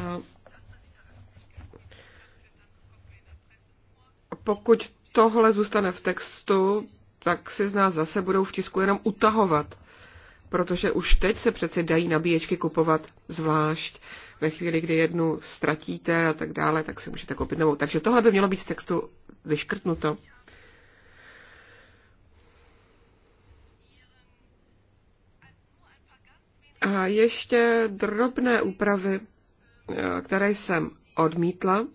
pokud tohle zůstane v textu, tak si z nás zase budou v tisku jenom utahovat, protože už teď se přeci dají nabíječky kupovat zvlášť. Ve chvíli, kdy jednu ztratíte a tak dále, tak si můžete koupit novou. Takže tohle by mělo být z textu vyškrtnuto. ještě drobné úpravy, eh, které jsem odmítla, eh,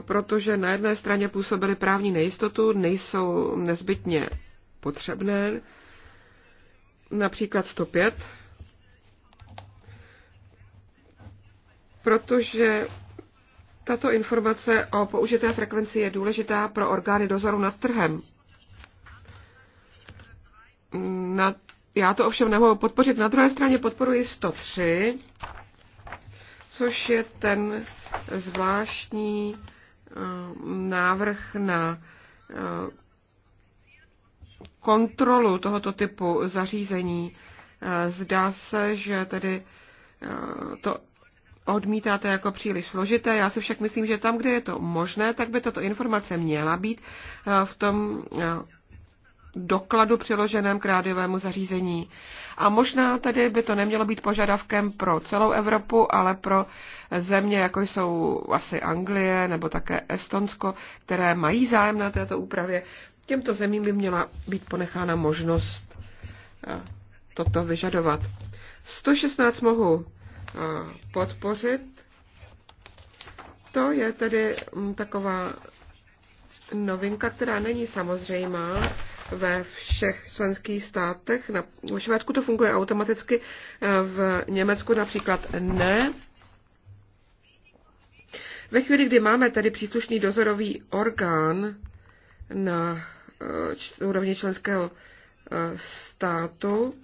protože na jedné straně působily právní nejistotu, nejsou nezbytně potřebné, například 105, protože tato informace o použité frekvenci je důležitá pro orgány dozoru nad trhem. Nad já to ovšem nemohu podpořit. Na druhé straně podporuji 103, což je ten zvláštní eh, návrh na eh, kontrolu tohoto typu zařízení. Eh, zdá se, že tedy to odmítáte jako příliš složité. Já si však myslím, že tam, kde je to možné, tak by tato informace měla být v tom dokladu přiloženém k rádiovému zařízení. A možná tedy by to nemělo být požadavkem pro celou Evropu, ale pro země, jako jsou asi Anglie nebo také Estonsko, které mají zájem na této úpravě. Těmto zemím by měla být ponechána možnost eh, toto vyžadovat. 116 mohu eh, podpořit. To je tedy mm, taková novinka, která není samozřejmá ve všech členských státech. Na, v Švédsku to funguje automaticky, eh, v Německu například ne. Ve chvíli, kdy máme tady příslušný dozorový orgán na eh, úrovni členského eh, státu,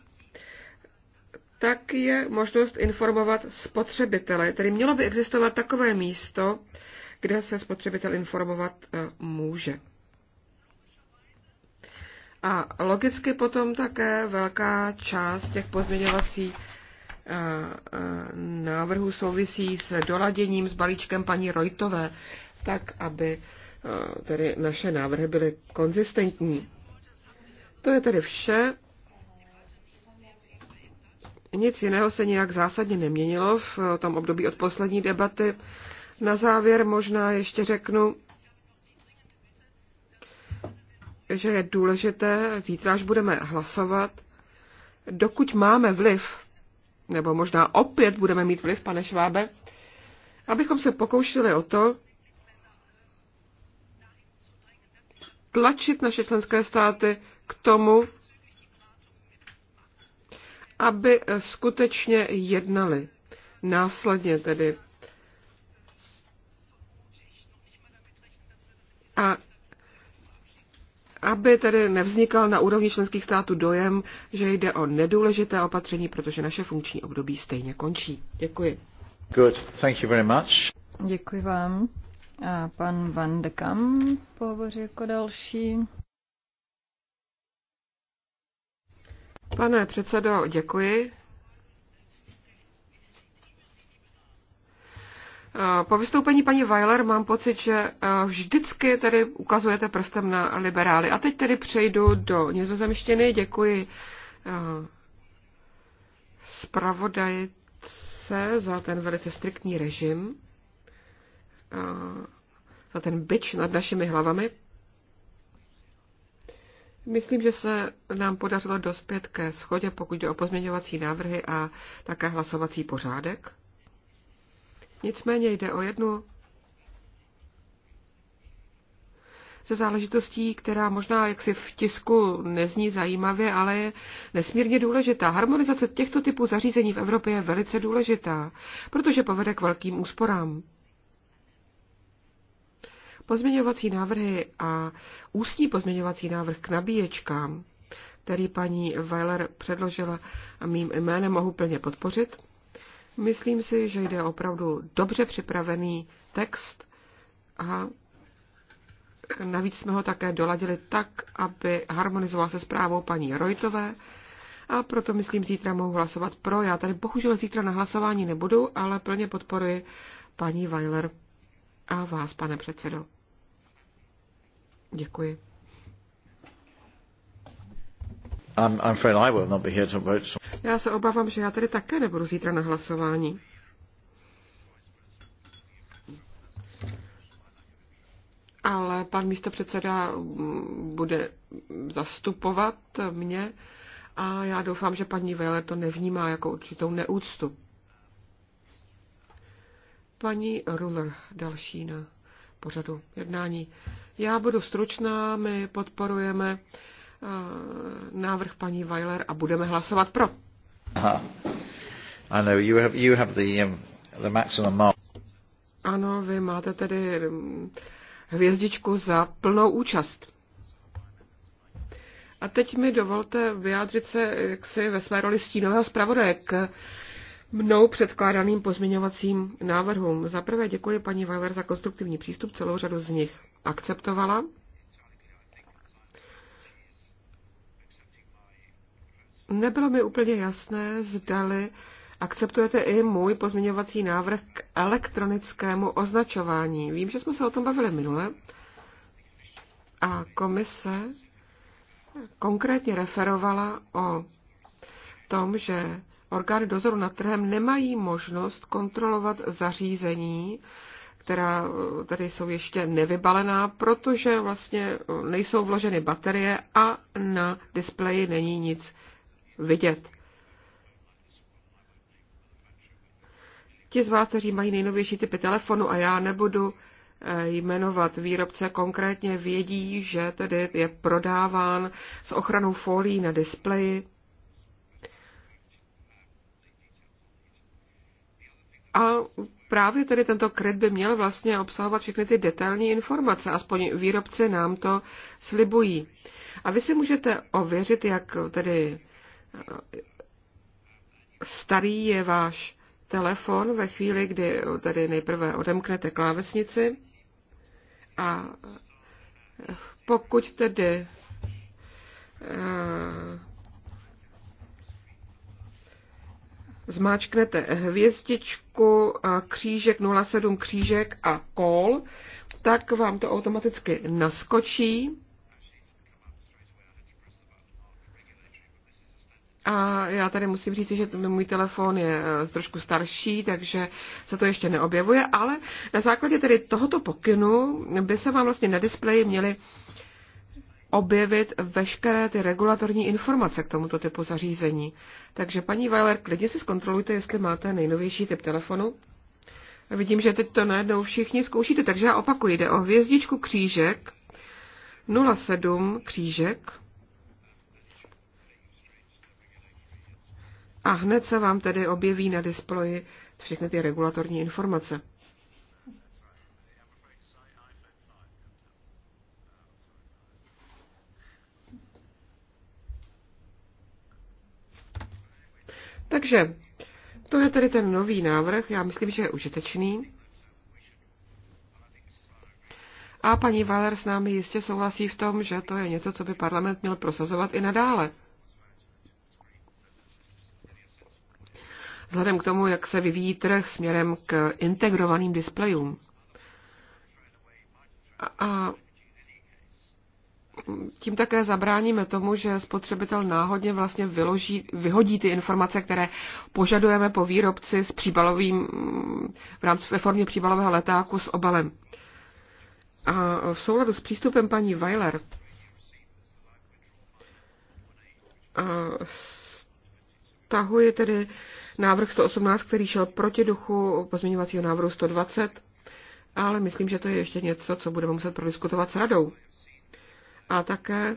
tak je možnost informovat spotřebitele. Tedy mělo by existovat takové místo, kde se spotřebitel informovat může. A logicky potom také velká část těch pozměňovacích eh, eh, návrhů souvisí s doladěním, s balíčkem paní Rojtové, tak aby eh, tedy naše návrhy byly konzistentní. To je tedy vše. Nic jiného se nějak zásadně neměnilo v tom období od poslední debaty. Na závěr možná ještě řeknu, že je důležité, zítra, až budeme hlasovat, dokud máme vliv, nebo možná opět budeme mít vliv, pane Švábe, abychom se pokoušeli o to, tlačit naše členské státy k tomu, aby skutečně jednali. Následně tedy. A aby tedy nevznikal na úrovni členských států dojem, že jde o nedůležité opatření, protože naše funkční období stejně končí. Děkuji. Good. Thank you very much. Děkuji vám. A pan Van de Kam pohovoří jako další. Pane předsedo, děkuji. Eh, po vystoupení paní Weiler mám pocit, že eh, vždycky tady ukazujete prstem na liberály. A teď tedy přejdu do nizozemštiny. Děkuji eh, zpravodajce za ten velice striktní režim, za ten byč nad našimi hlavami. Myslím, že se nám podařilo dospět ke schodě, pokud jde o pozměňovací návrhy a také hlasovací pořádek. Nicméně jde o jednu ze záležitostí, která možná jaksi v tisku nezní zajímavě, ale je nesmírně důležitá. Harmonizace těchto typů zařízení v Evropě je velice důležitá, protože povede k velkým úsporám. Pozměňovací návrhy a ústní pozměňovací návrh k nabíječkám, který paní Weiler předložila a mým jménem mohu plně podpořit, Myslím si, že jde opravdu dobře připravený text a navíc jsme ho také doladili tak, aby harmonizoval se zprávou paní Rojtové a proto myslím zítra mohu hlasovat pro. Já tady bohužel zítra na hlasování nebudu, ale plně podporuji paní Weiler a vás, pane předsedo. Děkuji. I'm, I'm I will not be here to vote. Já se obávám, že já tady také nebudu zítra na hlasování. Ale pan místopředseda bude zastupovat mě a já doufám, že paní Vele to nevnímá jako určitou neúctu. Paní Ruler, další na pořadu jednání. Já budu stručná, my podporujeme uh, návrh paní Weiler a budeme hlasovat pro. Aha. I know you have, you have the, um, the maximum mark. Ano, vy máte tedy um, hvězdičku za plnou účast. A teď mi dovolte vyjádřit se jaksi ve své roli stínového zpravodaje k mnou předkládaným pozměňovacím návrhům. Za prvé děkuji paní Weiler za konstruktivní přístup, celou řadu z nich akceptovala. Nebylo mi úplně jasné, zdali akceptujete i můj pozměňovací návrh k elektronickému označování. Vím, že jsme se o tom bavili minule a komise konkrétně referovala o tom, že orgány dozoru nad trhem nemají možnost kontrolovat zařízení, která eh, tady jsou ještě nevybalená, protože vlastně eh, nejsou vloženy baterie a na displeji není nic vidět. Ti z vás, kteří mají nejnovější typy telefonu a já nebudu eh, jmenovat výrobce konkrétně, vědí, že tedy je prodáván s ochranou folí na displeji. A právě tedy tento kred by měl vlastně obsahovat všechny ty detailní informace, aspoň výrobci nám to slibují. A vy si můžete ověřit, jak tedy starý je váš telefon ve chvíli, kdy tady nejprve odemknete klávesnici a pokud tedy eh, zmáčknete hvězdičku, křížek 07 křížek a call, tak vám to automaticky naskočí A já tady musím říct, že můj telefon je e, trošku starší, takže se to ještě neobjevuje, ale na základě tedy tohoto pokynu by se vám vlastně na displeji měly objevit veškeré ty regulatorní informace k tomuto typu zařízení. Takže paní Weiler, klidně si zkontrolujte, jestli máte nejnovější typ telefonu. Vidím, že teď to najednou všichni zkoušíte, takže já opakuji, jde o hvězdičku křížek, 07 křížek, a hned se vám tedy objeví na displeji všechny ty regulatorní informace. Takže to je tedy ten nový návrh, já myslím, že je užitečný. A paní Valer s námi jistě souhlasí v tom, že to je něco, co by parlament měl prosazovat i nadále. vzhledem k tomu, jak se vyvíjí trh směrem k integrovaným displejům. A tím také zabráníme tomu, že spotřebitel náhodně vlastně vyloží, vyhodí ty informace, které požadujeme po výrobci s příbalovým, v rámci, ve formě příbalového letáku s obalem. A v souladu s přístupem paní Weiler stahuje tedy návrh 118, který šel proti duchu pozměňovacího návrhu 120, ale myslím, že to je ještě něco, co budeme muset prodiskutovat s radou. A také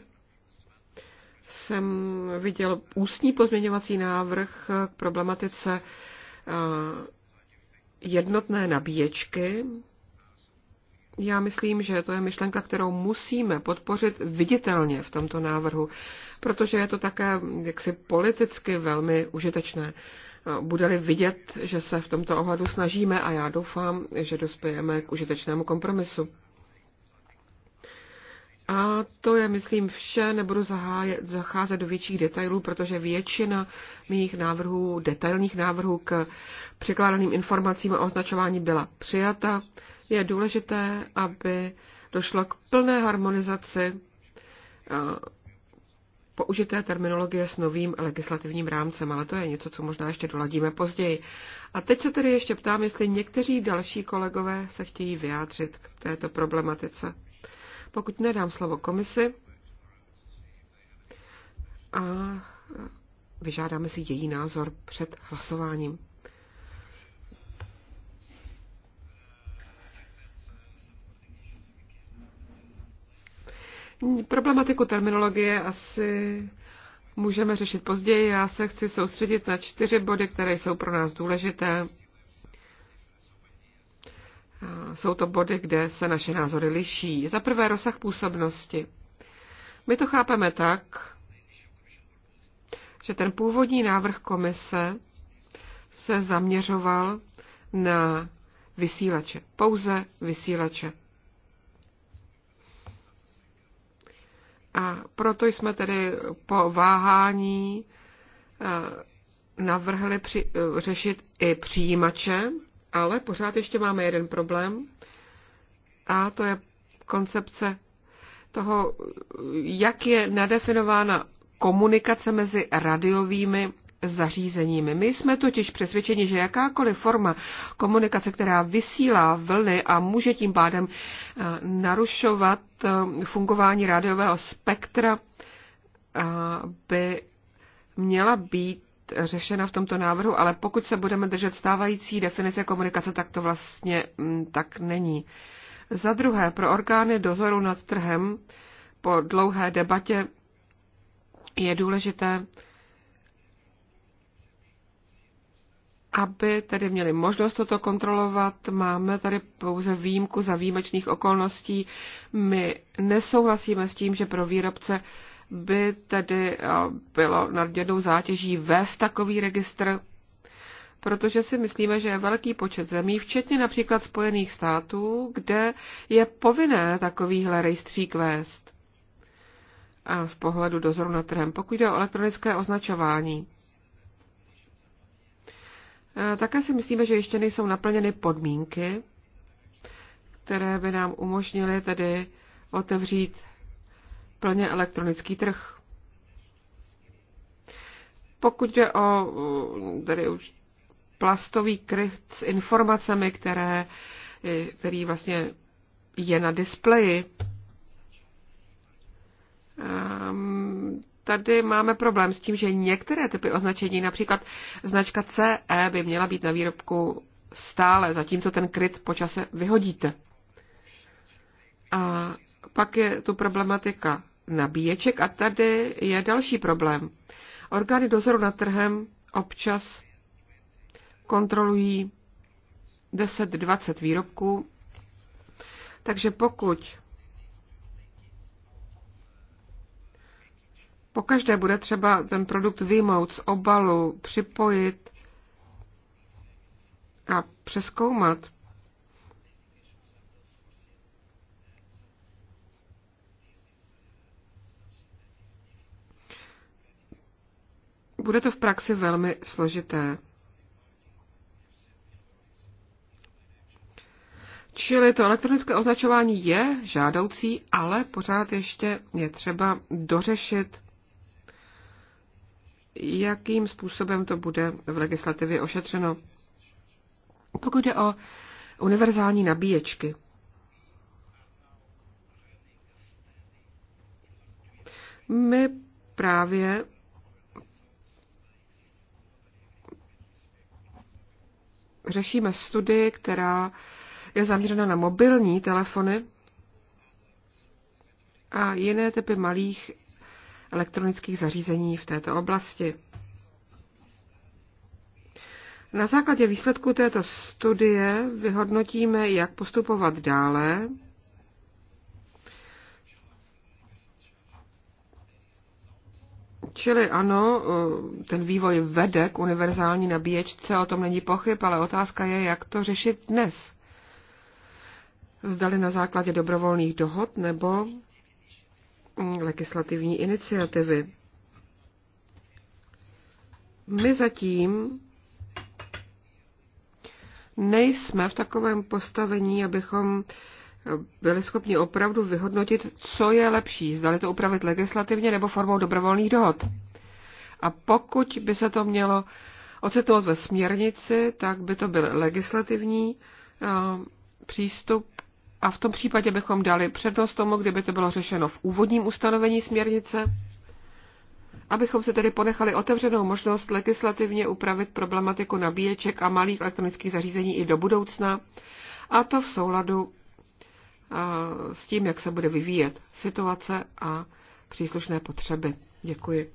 jsem viděl ústní pozměňovací návrh k problematice eh, jednotné nabíječky. Já myslím, že to je myšlenka, kterou musíme podpořit viditelně v tomto návrhu, protože je to také jaksi politicky velmi užitečné bude-li vidět, že se v tomto ohledu snažíme a já doufám, že dospějeme k užitečnému kompromisu. A to je, myslím, vše. Nebudu zahájet, zacházet do větších detailů, protože většina mých návrhů, detailních návrhů k překládaným informacím a označování byla přijata. Je důležité, aby došlo k plné harmonizaci použité terminologie s novým legislativním rámcem, ale to je něco, co možná ještě doladíme později. A teď se tedy ještě ptám, jestli někteří další kolegové se chtějí vyjádřit k této problematice. Pokud nedám slovo komisi a vyžádáme si její názor před hlasováním. Problematiku terminologie asi můžeme řešit později. Já se chci soustředit na čtyři body, které jsou pro nás důležité. Jsou to body, kde se naše názory liší. Za prvé rozsah působnosti. My to chápeme tak, že ten původní návrh komise se zaměřoval na vysílače, pouze vysílače. A proto jsme tedy po váhání eh, navrhli při, eh, řešit i přijímače, ale pořád ještě máme jeden problém a to je koncepce toho, jak je nadefinována komunikace mezi radiovými zařízeními. My jsme totiž přesvědčeni, že jakákoliv forma komunikace, která vysílá vlny a může tím pádem eh, narušovat eh, fungování rádiového spektra, eh, by měla být řešena v tomto návrhu, ale pokud se budeme držet stávající definice komunikace, tak to vlastně mm, tak není. Za druhé, pro orgány dozoru nad trhem po dlouhé debatě je důležité aby tedy měli možnost toto kontrolovat. Máme tady pouze výjimku za výjimečných okolností. My nesouhlasíme s tím, že pro výrobce by tedy bylo nadměrnou zátěží vést takový registr, protože si myslíme, že je velký počet zemí, včetně například Spojených států, kde je povinné takovýhle rejstřík vést. A z pohledu dozoru na trhem, pokud jde o elektronické označování. Také si myslíme, že ještě nejsou naplněny podmínky, které by nám umožnily tedy otevřít plně elektronický trh. Pokud jde o tedy už plastový kryt s informacemi, které, který vlastně je na displeji, tady máme problém s tím, že některé typy označení, například značka CE, by měla být na výrobku stále, zatímco ten kryt po čase vyhodíte. A pak je tu problematika nabíječek a tady je další problém. Orgány dozoru nad trhem občas kontrolují 10-20 výrobků, takže pokud Pokaždé bude třeba ten produkt vyjmout z obalu, připojit a přeskoumat. Bude to v praxi velmi složité. Čili to elektronické označování je žádoucí, ale pořád ještě je třeba dořešit jakým způsobem to bude v legislativě ošetřeno. Pokud jde o univerzální nabíječky, my právě řešíme studii, která je zaměřena na mobilní telefony a jiné typy malých elektronických zařízení v této oblasti. Na základě výsledků této studie vyhodnotíme, jak postupovat dále. Čili ano, ten vývoj vede k univerzální nabíječce, o tom není pochyb, ale otázka je, jak to řešit dnes. Zdali na základě dobrovolných dohod nebo legislativní iniciativy. My zatím nejsme v takovém postavení, abychom byli schopni opravdu vyhodnotit, co je lepší, zdali to upravit legislativně nebo formou dobrovolných dohod. A pokud by se to mělo ocitnout ve směrnici, tak by to byl legislativní eh, přístup a v tom případě bychom dali přednost tomu, kdyby to bylo řešeno v úvodním ustanovení směrnice, abychom se tedy ponechali otevřenou možnost legislativně upravit problematiku nabíječek a malých elektronických zařízení i do budoucna, a to v souladu s tím, jak se bude vyvíjet situace a příslušné potřeby. Děkuji.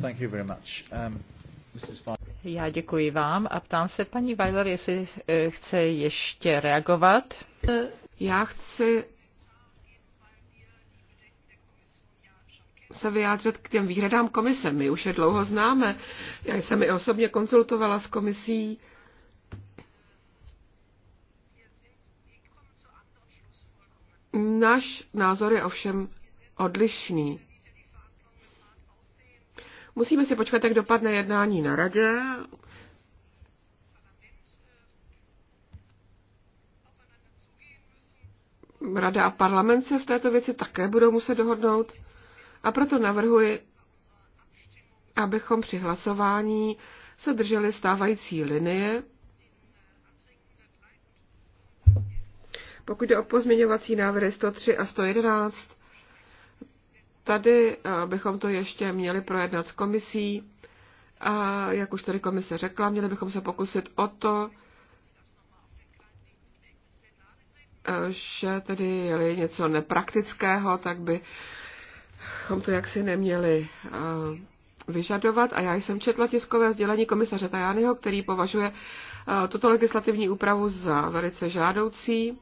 Thank you very much. Um, Mrs. Já děkuji vám a ptám se paní Weiler, jestli eh, chce ještě reagovat. Já chci se vyjádřit k těm výhradám komise. My už je dlouho známe. Já jsem i osobně konzultovala s komisí. Náš názor je ovšem odlišný. Musíme si počkat, jak dopadne jednání na radě. Rada a parlament se v této věci také budou muset dohodnout a proto navrhuji, abychom při hlasování se drželi stávající linie. Pokud jde o pozměňovací návrhy 103 a 111, Tady eh, bychom to ještě měli projednat s komisí a jak už tady komise řekla, měli bychom se pokusit o to, eh, že tedy je něco nepraktického, tak bychom to jaksi neměli eh, vyžadovat. A já jsem četla tiskové sdělení komisaře Tajányho, který považuje tuto legislativní úpravu za velice žádoucí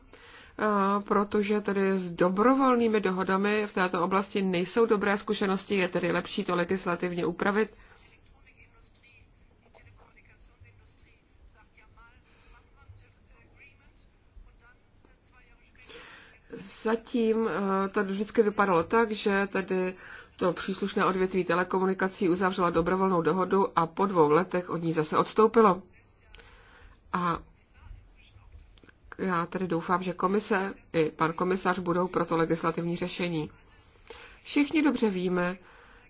protože tedy s dobrovolnými dohodami v této oblasti nejsou dobré zkušenosti, je tedy lepší to legislativně upravit. Zatím eh, to vždycky vypadalo tak, že tedy to příslušné odvětví telekomunikací uzavřelo dobrovolnou dohodu a po dvou letech od ní zase odstoupilo. A já tedy doufám, že komise i pan komisař budou pro to legislativní řešení. Všichni dobře víme,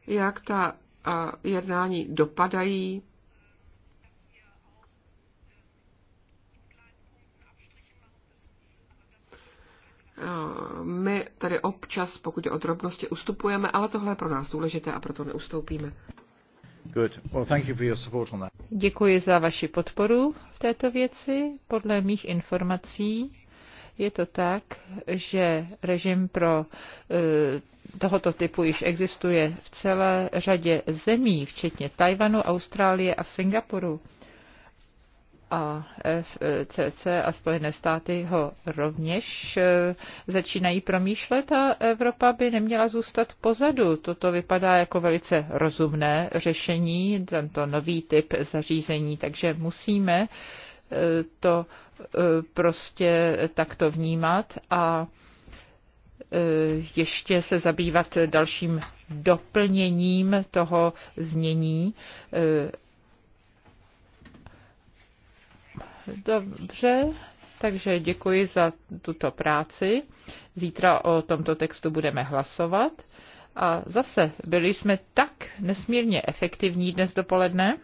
jak ta jednání dopadají. My tady občas, pokud je o drobnosti, ustupujeme, ale tohle je pro nás důležité a proto neustoupíme. Děkuji za vaši podporu v této věci. Podle mých informací je to tak, že režim pro eh, tohoto typu již existuje v celé řadě zemí, včetně Tajvanu, Austrálie a Singapuru a FCC e a Spojené státy ho rovněž e, začínají promýšlet a Evropa by neměla zůstat pozadu. Toto vypadá jako velice rozumné řešení, tento nový typ zařízení, takže musíme e, to prostě takto vnímat a ještě se zabývat dalším doplněním toho znění Dobře, takže děkuji za tuto práci. Zítra o tomto textu budeme hlasovat. A zase byli jsme tak nesmírně efektivní dnes dopoledne,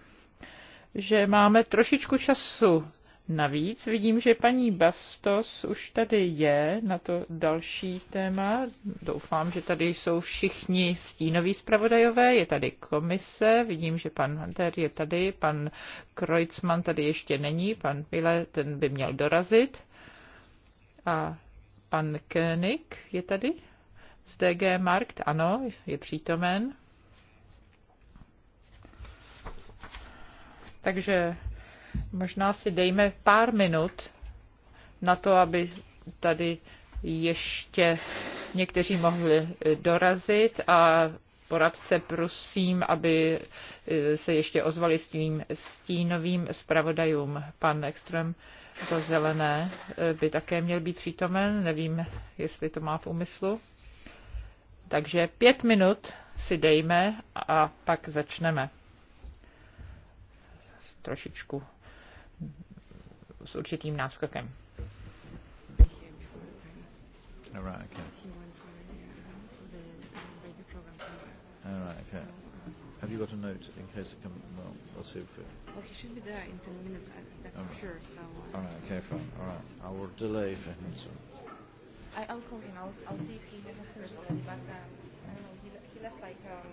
že máme trošičku času Navíc vidím, že paní Bastos už tady je na to další téma. Doufám, že tady jsou všichni stínoví zpravodajové. Je tady komise, vidím, že pan Hunter je tady, pan Kreutzmann tady ještě není, pan Pile, ten by měl dorazit. A pan König je tady z DG Markt, ano, je přítomen. Takže Možná si dejme pár minut na to, aby tady ještě někteří mohli eh, dorazit a poradce prosím, aby eh, se ještě ozvali tím stínovým zpravodajům. Pan Ekström za zelené eh, by také měl být přítomen, nevím, jestli to má v úmyslu. Takže pět minut si dejme a pak začneme. Trošičku s určitým náskokem. All right, okay. All right, okay. Have you got a note in case it comes? Well, I'll see if it. Well, he should be there in 10 minutes, that's All for sure. So. Uh, All right, okay, fine. All right. I will delay for him. So. I, I'll call him. I'll, I'll see if he has finished already, but um, I don't know. He, he left like um,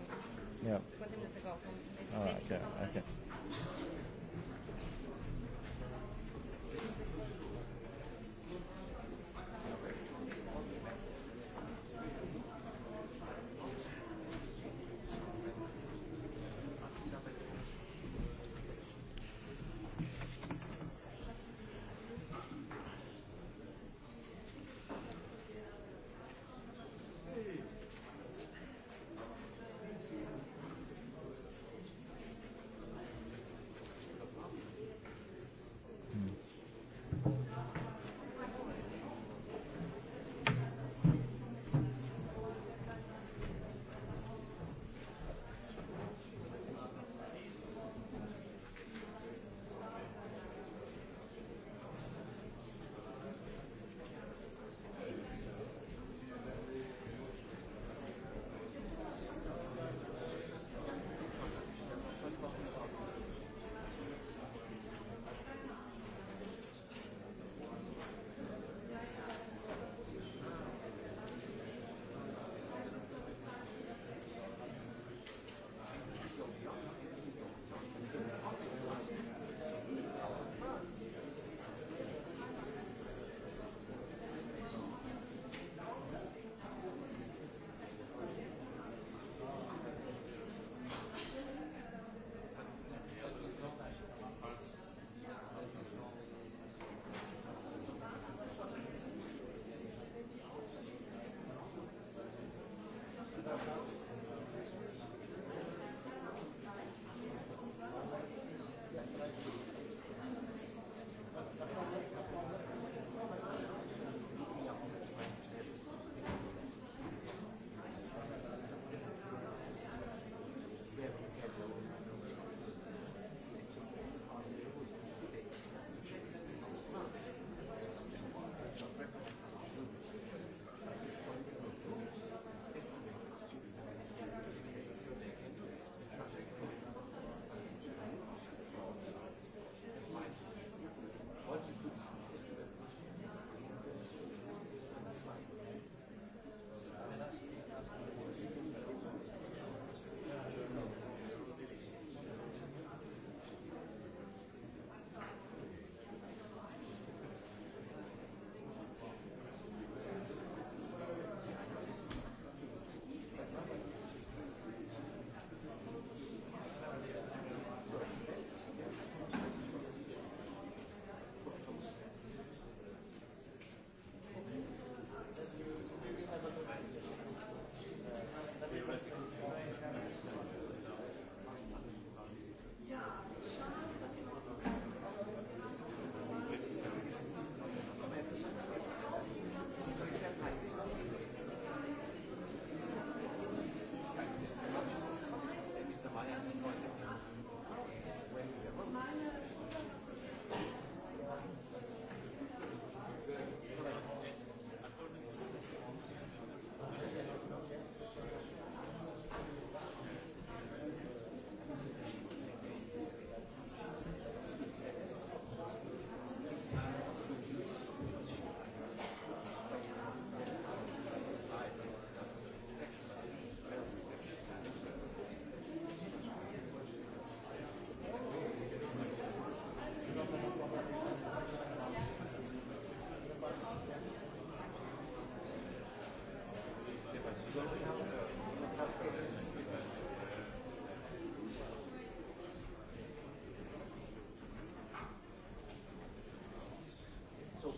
yeah. 20 minutes ago, so maybe. All right, maybe okay, okay.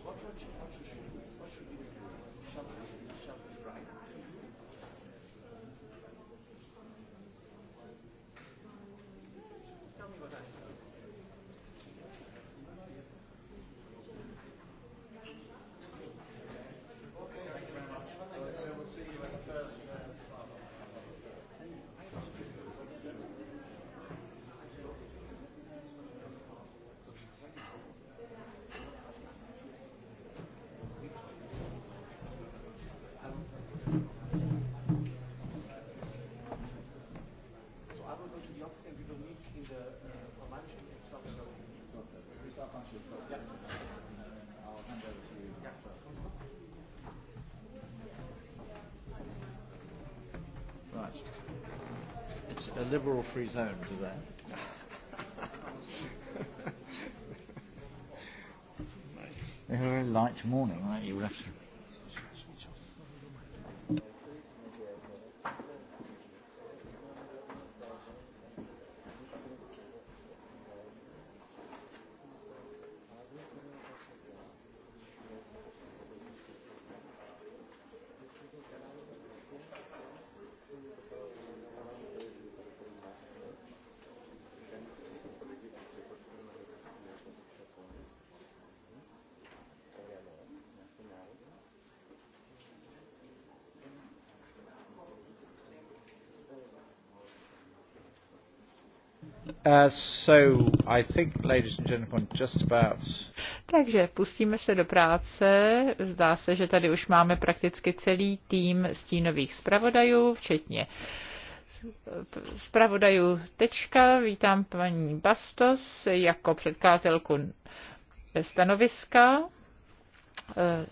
What, what, should, what should we do? What should we do? Something. a liberal free zone to that. They were light morning, right? You would have to Uh, so I think, ladies and gentlemen, just about... Takže pustíme se do práce. Zdá se, že tady už máme prakticky celý tým stínových zpravodajů, včetně zpravodajů Tečka. Vítám paní Bastos jako předkladatelku stanoviska eh,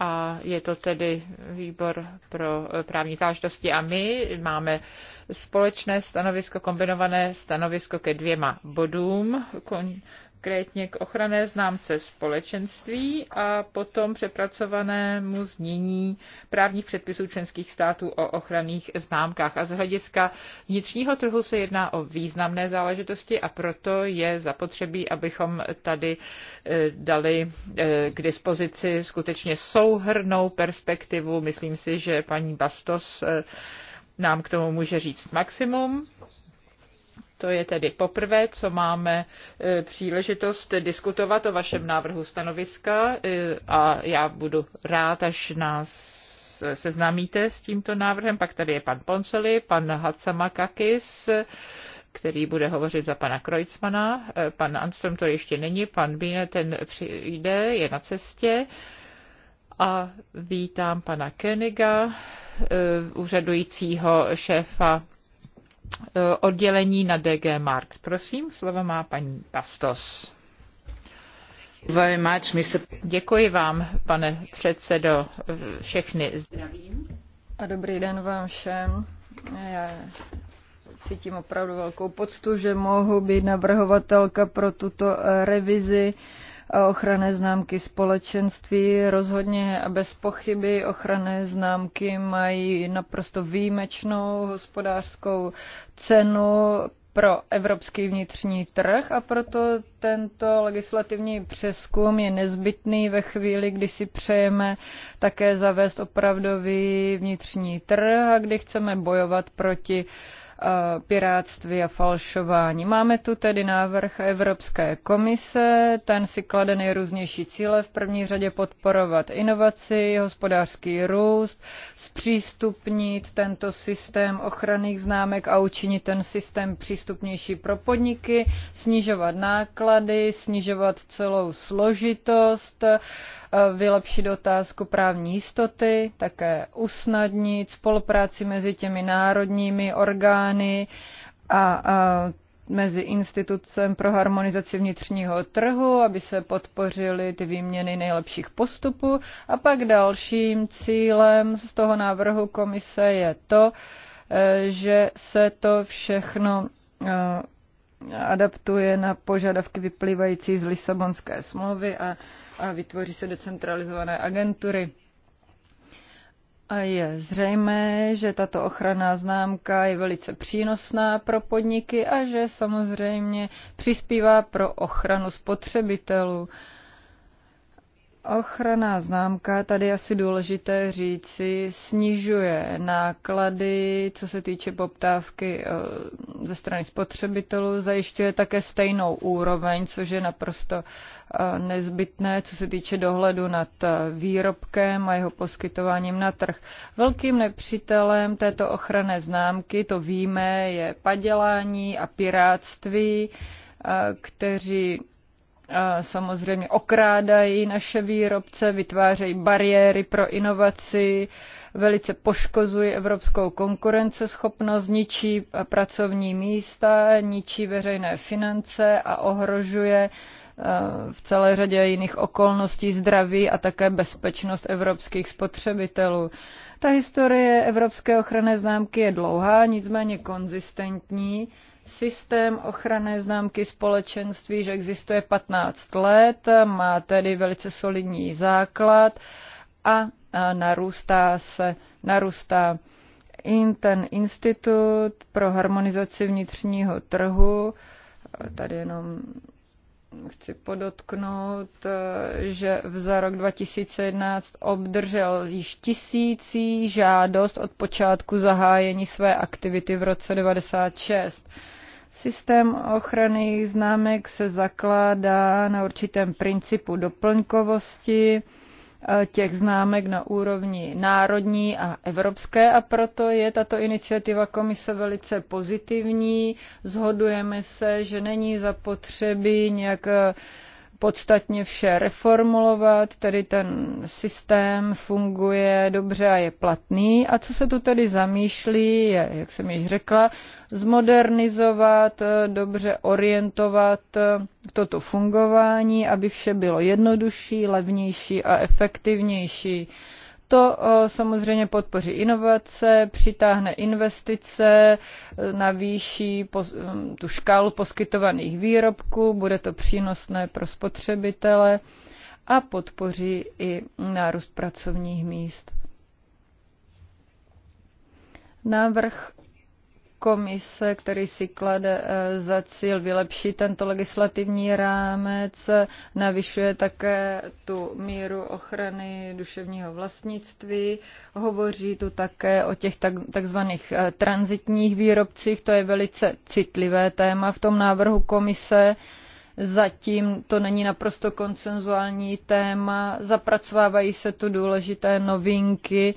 a je to tedy výbor pro právní záležitosti a my máme společné stanovisko, kombinované stanovisko ke dvěma bodům, konkrétně k ochranné známce společenství a potom přepracovanému znění právních předpisů členských států o ochranných známkách. A z hlediska vnitřního trhu se jedná o významné záležitosti a proto je zapotřebí, abychom tady e, dali e, k dispozici skutečně souhrnou perspektivu. Myslím si, že paní Bastos e, nám k tomu může říct maximum. To je tedy poprvé, co máme e, příležitost diskutovat o vašem návrhu stanoviska e, a já budu rád, až nás seznámíte s tímto návrhem. Pak tady je pan Ponceli, pan Hatsamakakis, který bude hovořit za pana Kreutzmana. E, pan Anstrom to ještě není, pan Bine ten přijde, je na cestě. A vítám pana Königa, úřadujícího šéfa Eh, oddělení na DG Markt. Prosím, slovo má paní Pastos. Děkuji vám, pane předsedo, všechny zdravím. A dobrý den vám všem. Já cítím opravdu velkou poctu, že mohu být navrhovatelka pro tuto revizi ochranné známky společenství. Rozhodně a bez pochyby ochranné známky mají naprosto výjimečnou hospodářskou cenu pro evropský vnitřní trh a proto tento legislativní přeskum je nezbytný ve chvíli, kdy si přejeme také zavést opravdový vnitřní trh a kdy chceme bojovat proti uh, piráctví a falšování. Máme tu tedy návrh Evropské komise, ten si klade nejrůznější cíle, v první řadě podporovat inovaci, hospodářský růst, zpřístupnit tento systém ochranných známek a učinit ten systém přístupnější pro podniky, snižovat náklady, snižovat celou složitost, vylepšit otázku právní jistoty, také usnadnit spolupráci mezi těmi národními orgány, orgány a, a mezi Institucem pro harmonizaci vnitřního trhu, aby se podpořily ty výměny nejlepších postupů. A pak dalším cílem z toho návrhu komise je to, e, že se to všechno e, adaptuje na požadavky vyplývající z Lisabonské smlouvy a, a vytvoří se decentralizované agentury. A je zřejmé, že tato ochranná známka je velice přínosná pro podniky a že samozřejmě přispívá pro ochranu spotřebitelů. Ochranná známka, tady asi důležité říci, snižuje náklady, co se týče poptávky eh, ze strany spotřebitelů, zajišťuje také stejnou úroveň, což je naprosto eh, nezbytné, co se týče dohledu nad eh, výrobkem a jeho poskytováním na trh. Velkým nepřítelem této ochranné známky, to víme, je padělání a piráctví, kteří samozřejmě okrádají naše výrobce, vytvářejí bariéry pro inovaci, velice poškozují evropskou konkurenceschopnost, ničí pracovní místa, ničí veřejné finance a ohrožuje v celé řadě jiných okolností zdraví a také bezpečnost evropských spotřebitelů. Ta historie evropské ochranné známky je dlouhá, nicméně konzistentní systém ochranné známky společenství že existuje 15 let, má tedy velice solidní základ a narůstá se, narůstá in ten institut pro harmonizaci vnitřního trhu, tady jenom chci podotknout, eh, že za rok 2011 obdržel již tisící žádost od počátku zahájení své aktivity v roce 96. Systém ochrany známek se zakládá na určitém principu doplňkovosti, Eh, těch známek na úrovni národní a evropské a proto je tato iniciativa komise velice pozitivní. Zhodujeme se, že není zapotřebí nějak eh, podstatně vše reformulovat, tedy ten systém funguje dobře a je platný. A co se tu tedy zamýšlí, je, jak jsem již řekla, zmodernizovat, eh, dobře orientovat eh, toto fungování, aby vše bylo jednodušší, levnější a efektivnější. To eh, samozřejmě podpoří inovace, přitáhne investice, eh, navýší eh, tu škálu poskytovaných výrobků, bude to přínosné pro spotřebitele a podpoří i nárůst pracovních míst. Návrh komise, který si klade eh, za cíl vylepšit tento legislativní rámec, navyšuje také tu míru ochrany duševního vlastnictví, hovoří tu také o těch takzvaných eh, transitních výrobcích, to je velice citlivé téma v tom návrhu komise. Zatím to není naprosto konsenzuální téma, zapracovávají se tu důležité novinky,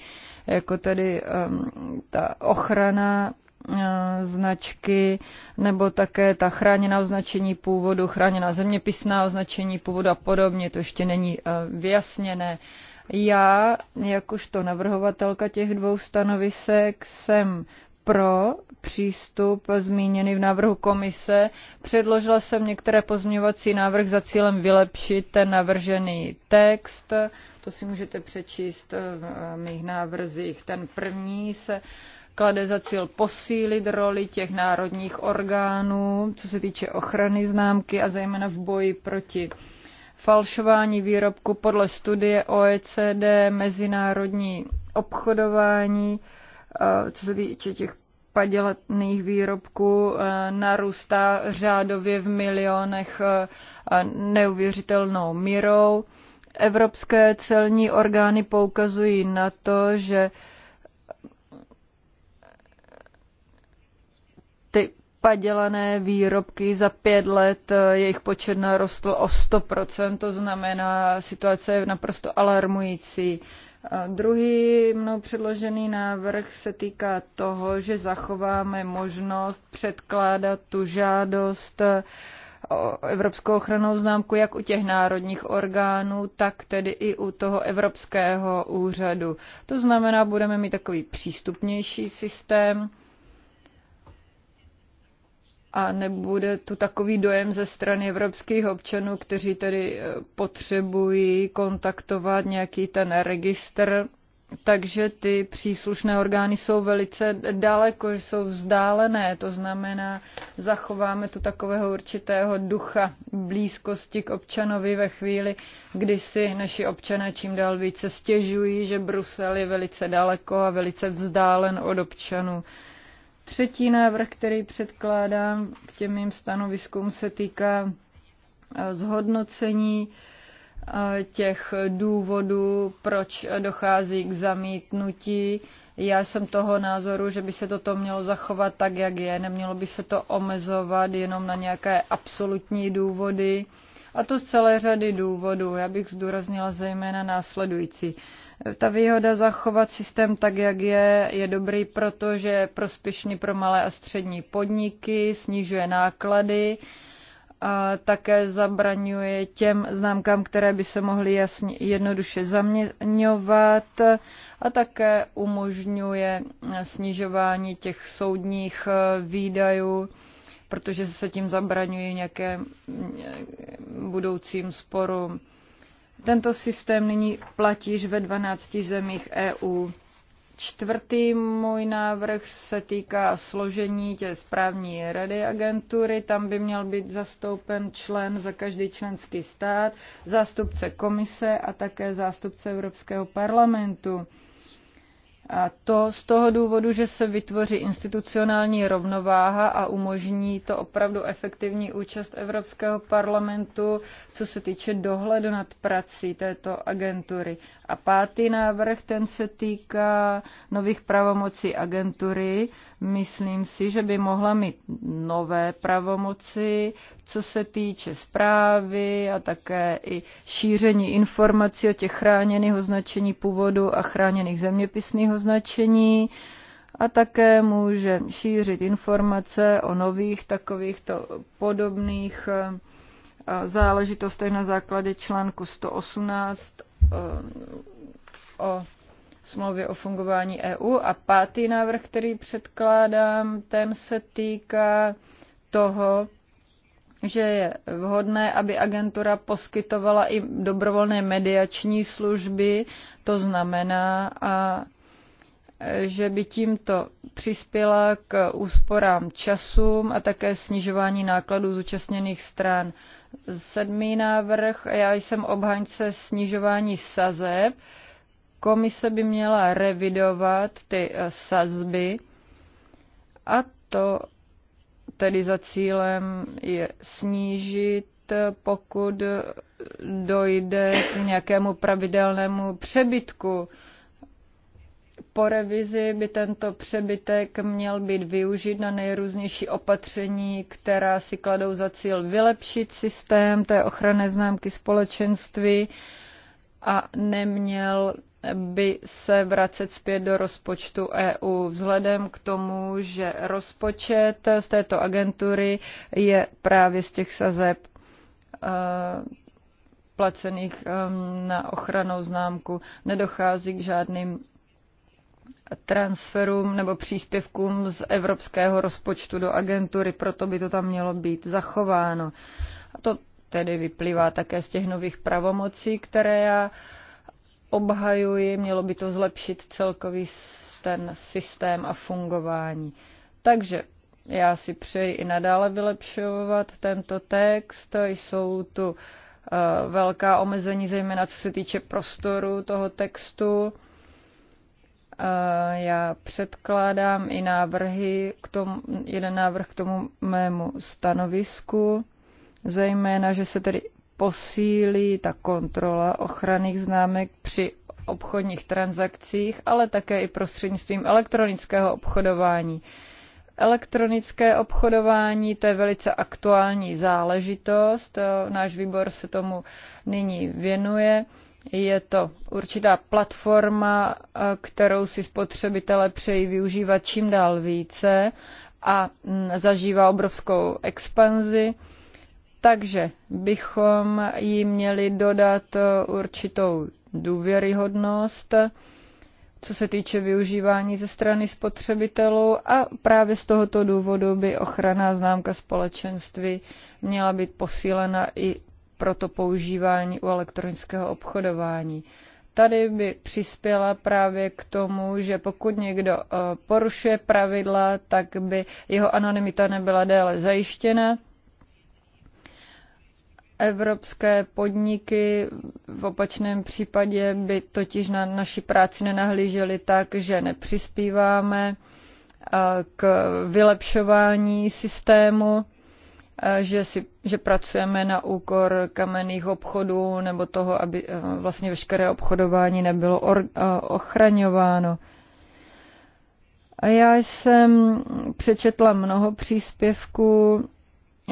jako tedy um, ta ochrana Eh, značky nebo také ta chráněná označení původu, chráněná zeměpisná označení původu a podobně. To ještě není eh, vyjasněné. Já, jakožto navrhovatelka těch dvou stanovisek, jsem pro přístup zmíněný v návrhu komise. Předložila jsem některé pozměňovací návrh za cílem vylepšit ten navržený text. To si můžete přečíst eh, v mých návrzích. Ten první se klade za cíl posílit roli těch národních orgánů, co se týče ochrany známky a zejména v boji proti falšování výrobku podle studie OECD, mezinárodní obchodování, eh, co se týče těch padělatných výrobků eh, narůstá řádově v milionech eh, neuvěřitelnou mírou. Evropské celní orgány poukazují na to, že padělané výrobky za pět let, eh, jejich počet narostl o 100%, to znamená, situace je naprosto alarmující. A druhý mnou předložený návrh se týká toho, že zachováme možnost předkládat tu žádost eh, evropskou ochranou známku jak u těch národních orgánů, tak tedy i u toho Evropského úřadu. To znamená, budeme mít takový přístupnější systém, a nebude tu takový dojem ze strany evropských občanů, kteří tedy eh, potřebují kontaktovat nějaký ten registr. Takže ty příslušné orgány jsou velice daleko, jsou vzdálené, to znamená, zachováme tu takového určitého ducha blízkosti k občanovi ve chvíli, kdy si naši občané čím dál více stěžují, že Brusel je velice daleko a velice vzdálen od občanů. Třetí návrh, který předkládám k těm mým stanoviskům, se týká eh, zhodnocení eh, těch důvodů, proč dochází k zamítnutí. Já jsem toho názoru, že by se toto mělo zachovat tak, jak je. Nemělo by se to omezovat jenom na nějaké absolutní důvody. A to z celé řady důvodů. Já bych zdůraznila zejména následující. Ta výhoda zachovat systém tak, jak je, je dobrý, protože je prospěšný pro malé a střední podniky, snižuje náklady, a také zabraňuje těm známkám, které by se mohly jasně, jednoduše zaměňovat a také umožňuje snižování těch soudních eh, výdajů, protože se tím zabraňuje nějaké mm, eh, budoucím sporům. Tento systém nyní platí ve 12 zemích EU. Čtvrtý můj návrh se týká složení tě správní rady agentury. Tam by měl být zastoupen člen za každý členský stát, zástupce komise a také zástupce Evropského parlamentu. A to z toho důvodu, že se vytvoří institucionální rovnováha a umožní to opravdu efektivní účast Evropského parlamentu, co se týče dohledu nad prací této agentury. A pátý návrh, ten se týká nových pravomocí agentury Myslím si, že by mohla mít nové pravomoci, co se týče zprávy a také i šíření informací o těch chráněných označení původu a chráněných zeměpisných označení a také může šířit informace o nových takovýchto podobných eh, záležitostech na základě článku 118 eh, o smlouvě o fungování EU. A pátý návrh, který předkládám, ten se týká toho, že je vhodné, aby agentura poskytovala i dobrovolné mediační služby, to znamená, a že by tímto přispěla k úsporám časům a také snižování nákladů zúčastněných stran. Sedmý návrh, já jsem obhaňce snižování sazeb, komise by měla revidovat ty eh, sazby a to tedy za cílem je snížit, eh, pokud dojde k nějakému pravidelnému přebytku. Po revizi by tento přebytek měl být využit na nejrůznější opatření, která si kladou za cíl vylepšit systém té ochranné známky společenství a neměl by se vracet zpět do rozpočtu EU, vzhledem k tomu, že rozpočet z této agentury je právě z těch sazeb eh, placených ehm, na ochranou známku. Nedochází k žádným transferům nebo příspěvkům z evropského rozpočtu do agentury, proto by to tam mělo být zachováno. A to tedy vyplývá také z těch nových pravomocí, které já uh, obhajuji, mělo by to zlepšit celkový ten systém a fungování. Takže já si přeji i nadále vylepšovat tento text. Jsou tu eh, velká omezení, zejména co se týče prostoru toho textu. Eh, já předkládám i návrhy k tomu, jeden návrh k tomu mému stanovisku, zejména, že se tedy posílí ta kontrola ochranných známek při obchodních transakcích, ale také i prostřednictvím elektronického obchodování. Elektronické obchodování to je velice aktuální záležitost. Náš výbor se tomu nyní věnuje. Je to určitá platforma, kterou si spotřebitelé přejí využívat čím dál více a zažívá obrovskou expanzi takže bychom jí měli dodat eh, určitou důvěryhodnost, co se týče využívání ze strany spotřebitelů a právě z tohoto důvodu by ochranná známka společenství měla být posílena i pro to používání u elektronického obchodování. Tady by přispěla právě k tomu, že pokud někdo eh, porušuje pravidla, tak by jeho anonymita nebyla déle zajištěna evropské podniky v opačném případě by totiž na naši práci nenahlíželi tak, že nepřispíváme k vylepšování systému, že, si, že pracujeme na úkor kamenných obchodů nebo toho, aby vlastně veškeré obchodování nebylo or, ochraňováno. A já jsem přečetla mnoho příspěvků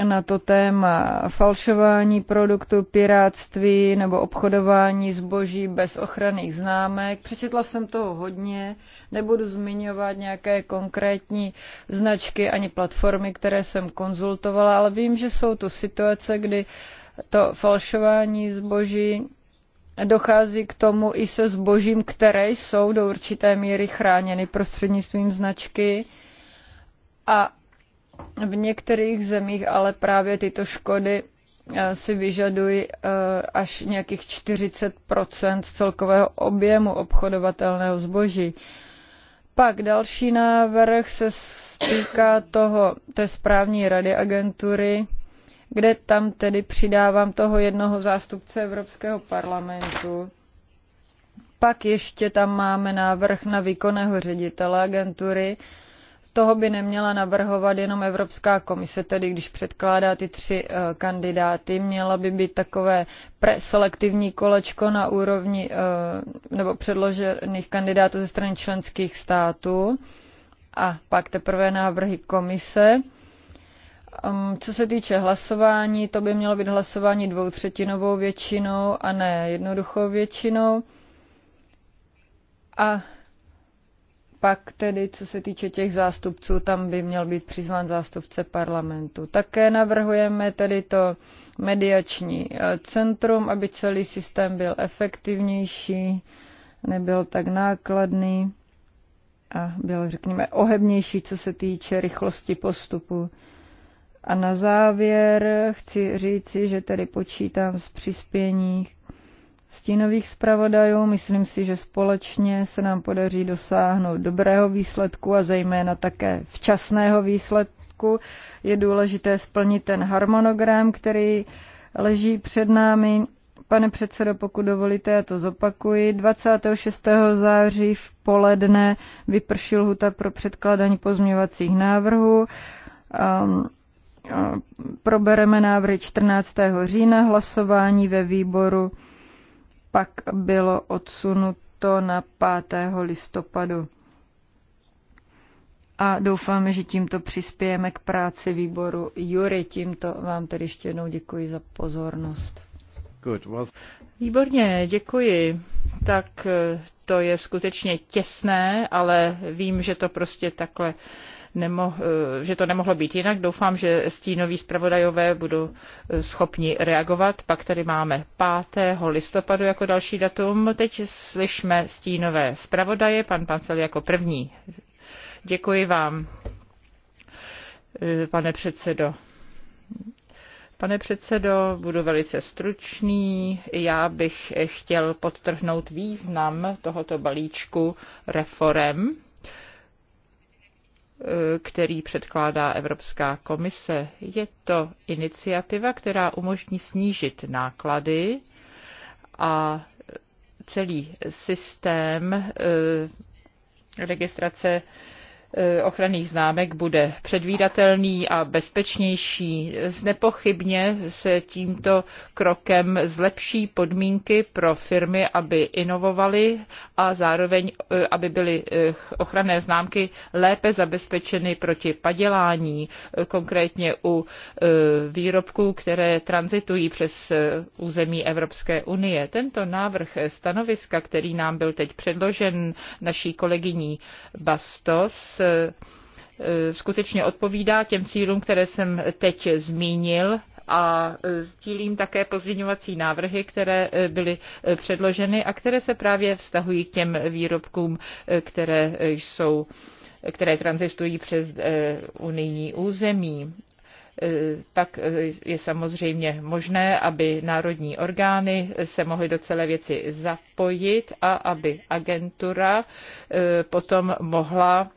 na to téma falšování produktu, piráctví nebo obchodování zboží bez ochranných známek. Přečetla jsem toho hodně, nebudu zmiňovat nějaké konkrétní značky ani platformy, které jsem konzultovala, ale vím, že jsou tu situace, kdy to falšování zboží dochází k tomu i se zbožím, které jsou do určité míry chráněny prostřednictvím značky. A v některých zemích ale právě tyto škody eh, si vyžadují eh, až nějakých 40 z celkového objemu obchodovatelného zboží. Pak další návrh se týká toho, té správní rady agentury, kde tam tedy přidávám toho jednoho zástupce Evropského parlamentu. Pak ještě tam máme návrh na výkonného ředitele agentury, toho by neměla navrhovat jenom Evropská komise, tedy když předkládá ty tři eh, kandidáty, měla by být takové preselektivní kolečko na úrovni eh, nebo předložených kandidátů ze strany členských států a pak teprve návrhy komise. Ehm, co se týče hlasování, to by mělo být hlasování dvoutřetinovou většinou a ne jednoduchou většinou. A pak tedy, co se týče těch zástupců, tam by měl být přizván zástupce parlamentu. Také navrhujeme tedy to mediační eh, centrum, aby celý systém byl efektivnější, nebyl tak nákladný a byl, řekněme, ohebnější, co se týče rychlosti postupu. A na závěr chci říci, že tedy počítám z přispěních stínových zpravodajů. Myslím si, že společně se nám podaří dosáhnout dobrého výsledku a zejména také včasného výsledku. Je důležité splnit ten harmonogram, který leží před námi. Pane předsedo, pokud dovolíte, já to zopakuji. 26. září v poledne vyprší lhuta pro předkládání pozměňovacích návrhů. Um, probereme návrhy 14. října hlasování ve výboru pak bylo odsunuto na 5. listopadu. A doufáme, že tímto přispějeme k práci výboru Jury. Tímto vám tedy ještě jednou děkuji za pozornost. Good. Well... Výborně, děkuji. Tak eh, to je skutečně těsné, ale vím, že to prostě takhle nemo, eh, že to nemohlo být jinak. Doufám, že stínoví zpravodajové budou eh, schopni reagovat. Pak tady máme 5. listopadu jako další datum. Teď slyšme stínové zpravodaje, pan Pancel jako první. Děkuji vám, eh, pane předsedo. Pane předsedo, budu velice stručný. Já bych chtěl podtrhnout význam tohoto balíčku reform který předkládá Evropská komise. Je to iniciativa, která umožní snížit náklady a celý systém eh, registrace E, ochranných známek bude předvídatelný a bezpečnější. Nepochybně se tímto krokem zlepší podmínky pro firmy, aby inovovaly a zároveň, e, aby byly e, ochranné známky lépe zabezpečeny proti padělání, konkrétně u výrobků, které transitují přes území Evropské unie. Tento návrh stanoviska, který nám byl teď předložen naší kolegyní Bastos, E, e, skutečně odpovídá těm cílům, které jsem teď zmínil a e, sdílím také pozměňovací návrhy, které byly předloženy a které se právě vztahují k těm výrobkům, které jsou které transistují přes unijní území pak e, e, je samozřejmě možné, aby národní orgány se mohly do celé věci zapojit a aby agentura e, potom mohla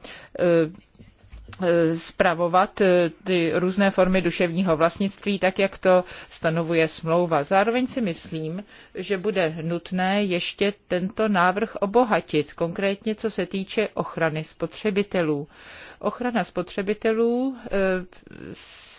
spravovat ty různé formy duševního vlastnictví, tak jak to stanovuje smlouva. Zároveň si myslím, že bude nutné ještě tento návrh obohatit, konkrétně co se týče ochrany spotřebitelů. Ochrana spotřebitelů,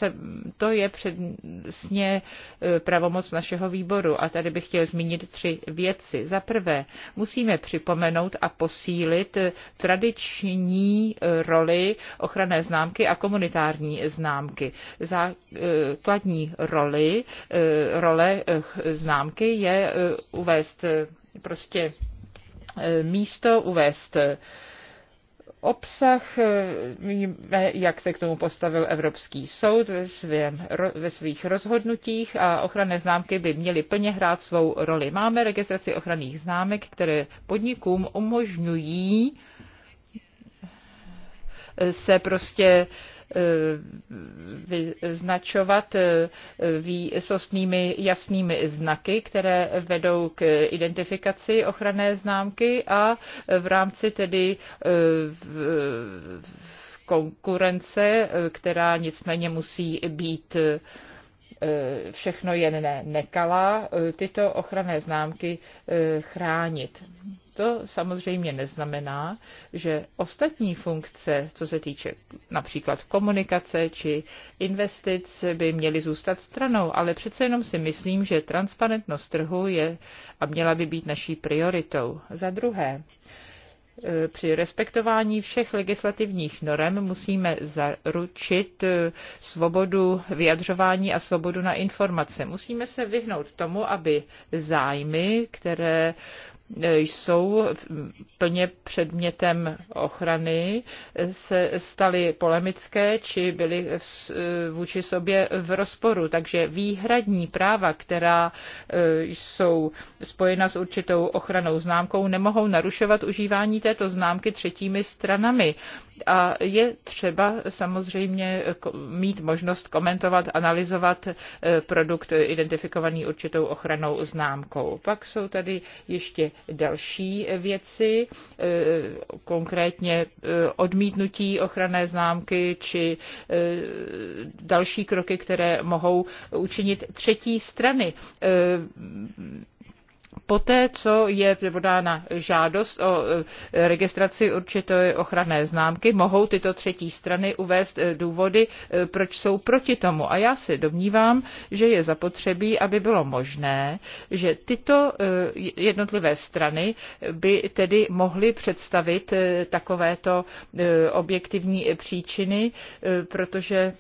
eh, to je přesně eh, pravomoc našeho výboru a tady bych chtěl zmínit tři věci. Za prvé, musíme připomenout a posílit eh, tradiční roli ochranné známky a komunitární známky. Základní roli, role známky je uvést prostě místo, uvést obsah, víme, eh, jak se k tomu postavil Evropský soud ve, svém, ve svých rozhodnutích a ochranné známky by měly plně hrát svou roli. Máme registraci ochranných známek, které podnikům umožňují se prostě Eh, vyznačovat eh, výsostnými jasnými znaky, které vedou k identifikaci ochranné známky a v rámci tedy eh, konkurence, která nicméně musí být všechno jen ne, nekalá, tyto ochranné známky chránit. To samozřejmě neznamená, že ostatní funkce, co se týče například komunikace či investic, by měly zůstat stranou, ale přece jenom si myslím, že transparentnost trhu je a měla by být naší prioritou. Za druhé, e, při respektování všech legislativních norem musíme zaručit e, svobodu vyjadřování a svobodu na informace. Musíme se vyhnout tomu, aby zájmy, které jsou plně předmětem ochrany, se staly polemické či byly vůči sobě v rozporu. Takže výhradní práva, která e, jsou spojena s určitou ochranou známkou, nemohou narušovat užívání této známky třetími stranami. A je třeba samozřejmě mít možnost komentovat, analyzovat e, produkt identifikovaný určitou ochranou známkou. Pak jsou tady ještě další věci, eh, konkrétně eh, odmítnutí ochranné známky či eh, další kroky, které mohou učinit třetí strany. Poté, co je podána žádost o e, registraci určité ochranné známky, mohou tyto třetí strany uvést e, důvody, e, proč jsou proti tomu. A já si domnívám, že je zapotřebí, aby bylo možné, že tyto jednotlivé strany by tedy mohly představit takovéto objektivní příčiny, protože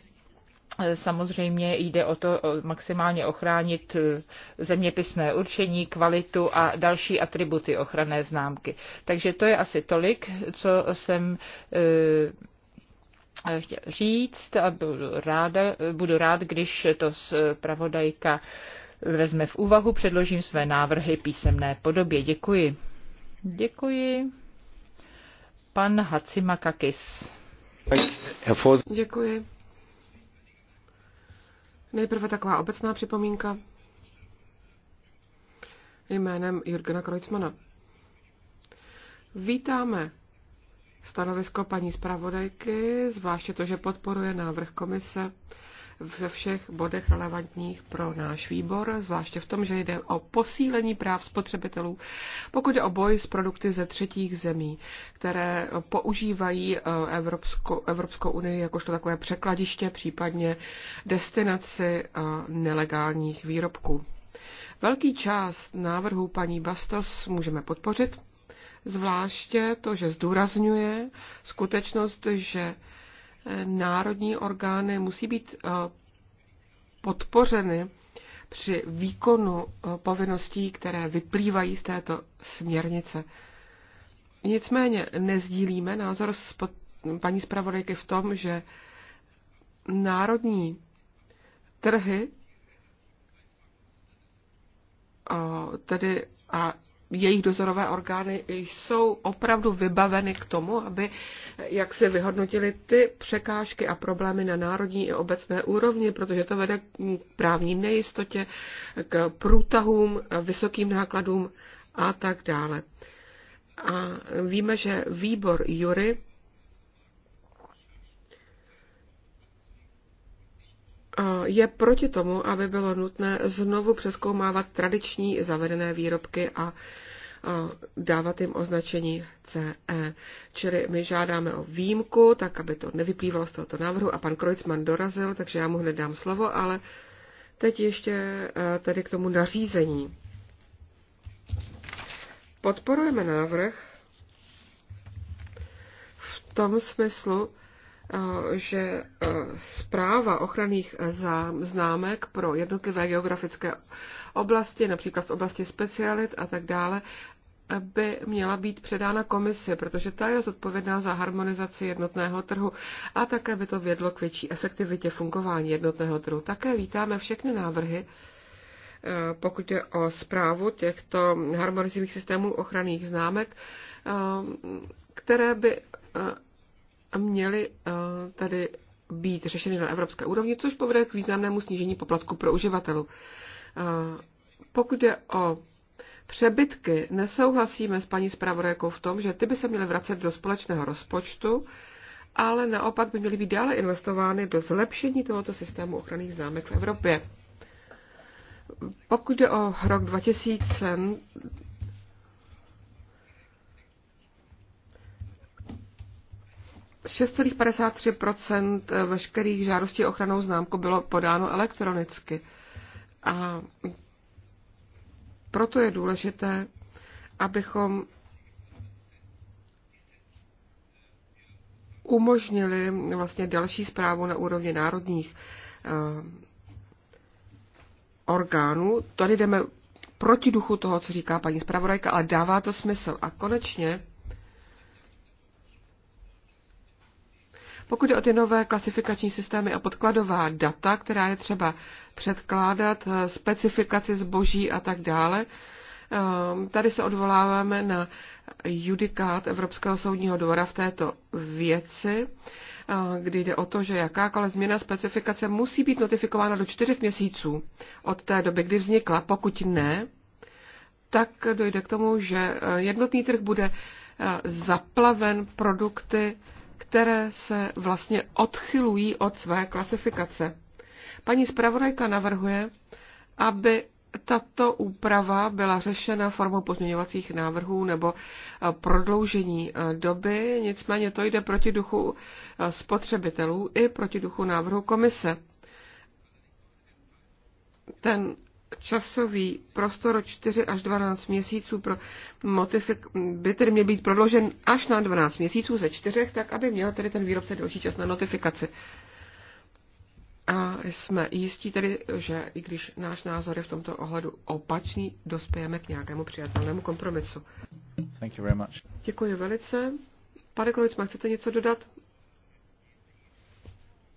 Samozřejmě jde o to maximálně ochránit eh, zeměpisné určení, kvalitu a další atributy ochranné známky. Takže to je asi tolik, co jsem eh, eh, chtěl říct a budu, ráda, budu rád, když to zpravodajka vezme v úvahu, předložím své návrhy písemné podobě. Děkuji. Děkuji. Pan Hacimakakis. Děkuji. Nejprve taková obecná připomínka jménem Jurgena Kreutzmana. Vítáme stanovisko paní zpravodajky, zvláště to, že podporuje návrh komise ve všech bodech relevantních pro náš výbor, zvláště v tom, že jde o posílení práv spotřebitelů, pokud je o boj s produkty ze třetích zemí, které používají eh, Evropskou, Evropskou unii jakožto takové překladiště, případně destinaci eh, nelegálních výrobků. Velký část návrhů paní Bastos můžeme podpořit, zvláště to, že zdůrazňuje skutečnost, že národní orgány musí být eh, podpořeny při výkonu eh, povinností, které vyplývají z této směrnice. Nicméně nezdílíme názor paní zpravodajky v tom, že národní trhy eh, tedy a jejich dozorové orgány jsou opravdu vybaveny k tomu, aby jak se vyhodnotili ty překážky a problémy na národní i obecné úrovni, protože to vede k právní nejistotě, k průtahům, vysokým nákladům a tak dále. A víme, že výbor Jury je proti tomu, aby bylo nutné znovu přeskoumávat tradiční zavedené výrobky a dávat jim označení CE. Čili my žádáme o výjimku, tak aby to nevyplývalo z tohoto návrhu a pan Krojcman dorazil, takže já mu hned dám slovo, ale teď ještě e, tedy k tomu nařízení. Podporujeme návrh v tom smyslu, že e, zpráva ochranných e, známek pro jednotlivé geografické oblasti, například v oblasti specialit a tak dále, by měla být předána komisi, protože ta je zodpovědná za harmonizaci jednotného trhu a také by to vědlo k větší efektivitě fungování jednotného trhu. Také vítáme všechny návrhy, e, pokud jde o zprávu těchto harmonizujících systémů ochranných známek, které by měly eh, tady být řešeny na evropské úrovni, což povede k významnému snížení poplatku pro uživatelů. Eh, pokud je o přebytky, nesouhlasíme s paní zpravodajkou v tom, že ty by se měly vracet do společného rozpočtu, ale naopak by měly být dále investovány do zlepšení tohoto systému ochranných známek v Evropě. Pokud jde o rok 2000, 6,53% eh, veškerých žádostí o ochranou známku bylo podáno elektronicky. A proto je důležité, abychom umožnili vlastně další zprávu na úrovni národních eh, orgánů. Tady jdeme proti duchu toho, co říká paní zpravodajka, ale dává to smysl. A konečně Pokud je o ty nové klasifikační systémy a podkladová data, která je třeba předkládat, eh, specifikaci zboží a tak dále, ehm, tady se odvoláváme na judikát Evropského soudního dvora v této věci, eh, kdy jde o to, že jakákoliv změna specifikace musí být notifikována do čtyřech měsíců od té doby, kdy vznikla. Pokud ne, tak dojde k tomu, že eh, jednotný trh bude zaplaven produkty které se vlastně odchylují od své klasifikace. Paní zpravodajka navrhuje, aby tato úprava byla řešena formou pozměňovacích návrhů nebo eh, prodloužení eh, doby, nicméně to jde proti duchu eh, spotřebitelů i proti duchu návrhu komise. Ten časový prostor od 4 až 12 měsíců pro notifik- by tedy měl být prodloužen až na 12 měsíců ze 4, tak aby měl tedy ten výrobce delší čas na notifikaci. A jsme jistí tedy, že i když náš názor je v tomto ohledu opačný, dospějeme k nějakému přijatelnému kompromisu. Thank you very much. Děkuji velice. Pane Kolicma, chcete něco dodat?